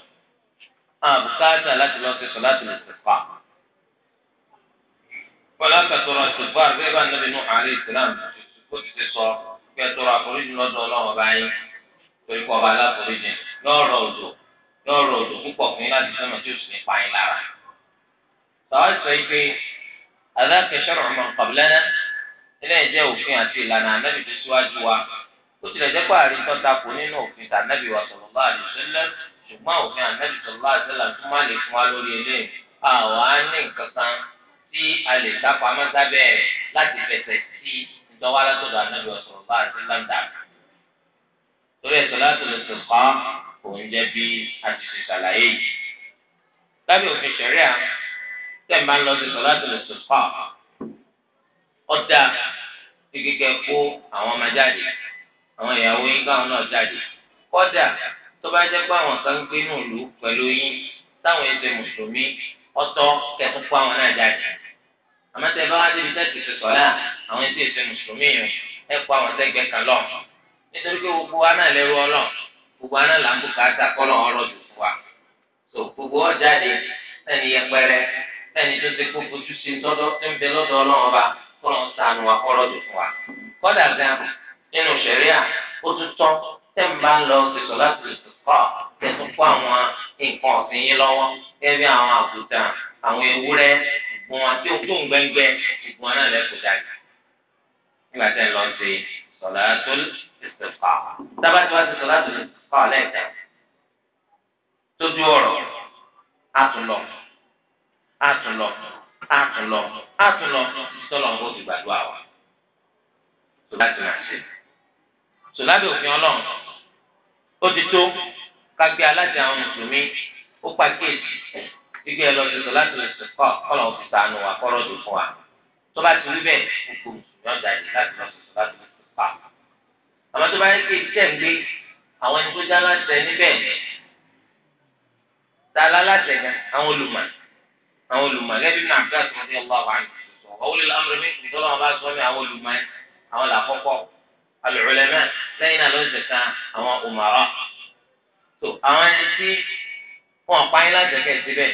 àbùkátà láti lọ sí bó ti ti sọ pé tọrọ àforíjì lọ́dọ̀ ọlọ́run ọba yín torí pé ọba aláforíjì lọ́rọ̀ òdò lọ́rọ̀ òdò púpọ̀ fún yín láti sẹ́nu tí ó sì ní pa yín lára. sọ̀rọ̀ sọ pé adáàkẹ́ sọ̀rọ̀ ọmọ kọ̀bílẹ́nà ilé ẹ̀jẹ̀ òfin àti ìlànà ànábì tó síwájú wa ó tilẹ̀ jẹ́ pé àárín tó takò nínú òfin tànábì wa sallallahu alaihi wasallam ṣùgbọ́n òfin ànábì sallallahu alaihi wasallam tó má lè fún wa lórí eléyìí àwọn á ní nǹkan kan tí a lè dápamọ́ sábẹ́ rẹ̀ láti lọ́wọ́ alátọ̀dọ̀ anábì ọ̀sọ̀rọ̀ bá àti láńdà torí ẹ̀sọ̀ láti lè sùn kọ́ òun jẹ́ bí àtìsí ṣàlàyé yìí lábẹ́ òfin ṣẹ̀ríà tẹ̀ máa ń lọ sí sọ̀ láti lè sùn kọ́ ọ̀dà tí kíkẹ́ kó àwọn ọmọ jáde àwọn ìyàwó yín káwọn náà jáde kọ́dà tó bá jẹ́ pé àwọn kan ń gbé nù lù yín táwọn ẹ̀ṣẹ̀ mùsùlùmí ọ̀tọ̀ kẹ́tún fún àwọn náà jáde àmọ́ tẹ́ bá wá débi tẹ́ ti fi sọ̀lá àwọn tí èsì mùsùlùmí rìn ẹ kó àwọn sẹ́gbẹ́ kan lọ nítorí pé gbogbo wa náà lẹ́rú ọlọ́ gbogbo wa náà là ń bùkátà kọ́lọ̀ ọ̀rọ̀ jù fún wa tó gbogbo ọ̀ jáde lẹ́ni yẹpẹrẹ lẹ́ni tó ti kó fojú sí lọ́dọ̀ tó ń bẹ lọ́dọ̀ ọlọ́run ọba kọ́lọ̀ sànù wa kọ́lọ̀ jù fún wa kọ́dà gan nínú sẹ̀ríà ó tún tán tẹ́ ń bá ń lọ sí sọ̀lá kọ́ tẹ̀sán fún àwọn nǹkan ọ̀sìn àwọn àgùntàn àwọn gbogbo wọn àti òkú ngbẹ́ngbẹ́ gbogbo wọn náà lẹ́kọ̀ọ́ dájú. nígbà tẹ́ ń lọ sí sọ̀lá tó ṣẹ̀ṣẹ̀ fà á sábà tí wọ́n ti sọ̀lá tó ṣẹ̀ṣẹ̀ fà á lẹ́ẹ̀kan tójú ọ̀rọ̀ àtúnlọ àtúnlọ àtúnlọ àtúnlọ sọ̀lọ̀ ń bó ti gbàdúrà wa. sọ̀lá ti nà ṣe sọ̀lá bí òfin ọlọ́run ó ti tó kágbé alájà àwọn mùsùlùmí ó pàkíyèsí gbígbé ẹ lọ sí sọ láti lè sè kọ kọlọ òfin sànù wa kọlọ dùn fún wa tó bá ti rí bẹ́ẹ̀ gbogbo yọ jáde láti lọ sí sọ láti lè sè kọ. àmọ́ tó bá yẹ kí iṣẹ́ ń gbé àwọn ẹni tó já láṣẹ níbẹ̀ ta la láṣẹ gan àwọn olùmọ̀ àwọn olùmọ̀ lẹ́bí náà bí àti ọdún ọba wà ní ìṣòro àwọn olùlọ àmọ́ mi kì í tọ́lọ́ wọn sọ mi àwọn olùmọ̀ àwọn làkọ́kọ́ alùlẹ́mẹ́ lẹ́yìn náà ló ń àwọn òmàrà tó àwọn ẹni tí wọn pa yín láṣẹ kẹ́ ẹ̀ síbẹ̀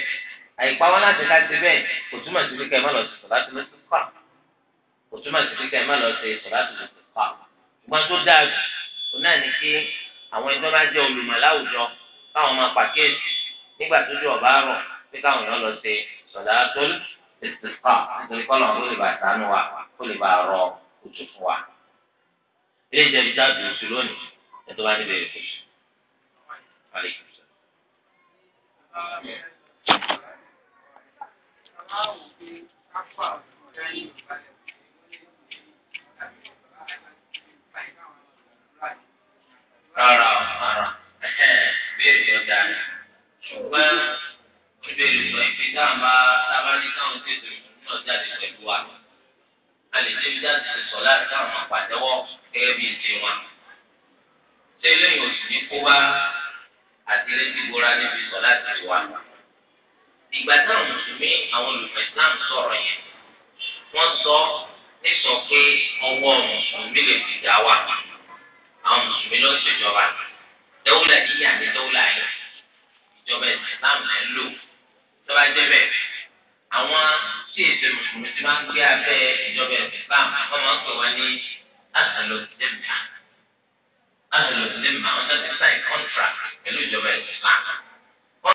àyípa wọn láti ká ṣe bẹ́ẹ̀ kò túmọ̀ sí kíkẹ́ má lọ sí sọ̀láṣí ló ti fà kò túmọ̀ sí kíkẹ́ má lọ sí sọ̀láṣí ló ti fà ṣùgbọ́n tó dáa jù ó náà ní kí àwọn ẹjọ́ bá jẹ́ olùmọ̀ láwùjọ káwọn máa pàkíyèsí nígbà tó dùn ọ̀bá rọ̀ pé káwọn èèyàn lọ sí sọ̀láṣí ló ti fà nítorí kọ́nà ó lè bá sànú wa ó lè bá rọ ojú fún wa. ilé ìjẹ̀bi jáde oṣù rárá rárá béèrè ọjà rẹ ṣùgbọ́n ó béèrè sọ ibi dáàbà tábàlì táwọn tètè ìṣúná jáde pẹ̀lú wa a lè débi jáde ti sọ láti káwọn pàtẹ́wọ́ gẹ́gẹ́ bí ìṣe wọn. ṣé eléyìí ò sì ní kó bá àtìlẹ́sìn bóra níbi sọ láti wà ìgbà táwọn mùsùlùmí àwọn olùmọ̀ islam sọ̀rọ̀ yẹn wọ́n sọ ní sọ pé ọwọ́ mùsùlùmí lè ti dá wà àwọn mùsùlùmí ló ń ṣèjọba dẹ́wúlà yíyà ní dẹ́wúlà yẹn ìjọba islam lẹ́ ń lò tọ́ba jẹ́ bẹ́ẹ̀ àwọn tí èsè mùsùlùmí ti máa ń gbé abẹ́ ìjọba islam wọ́n máa ń pè wá ní àtàlọ́tìdẹ́mà àtàlọ́tìdẹ́mà wọ́n ti sign contract pẹ̀lú ìjọba islam.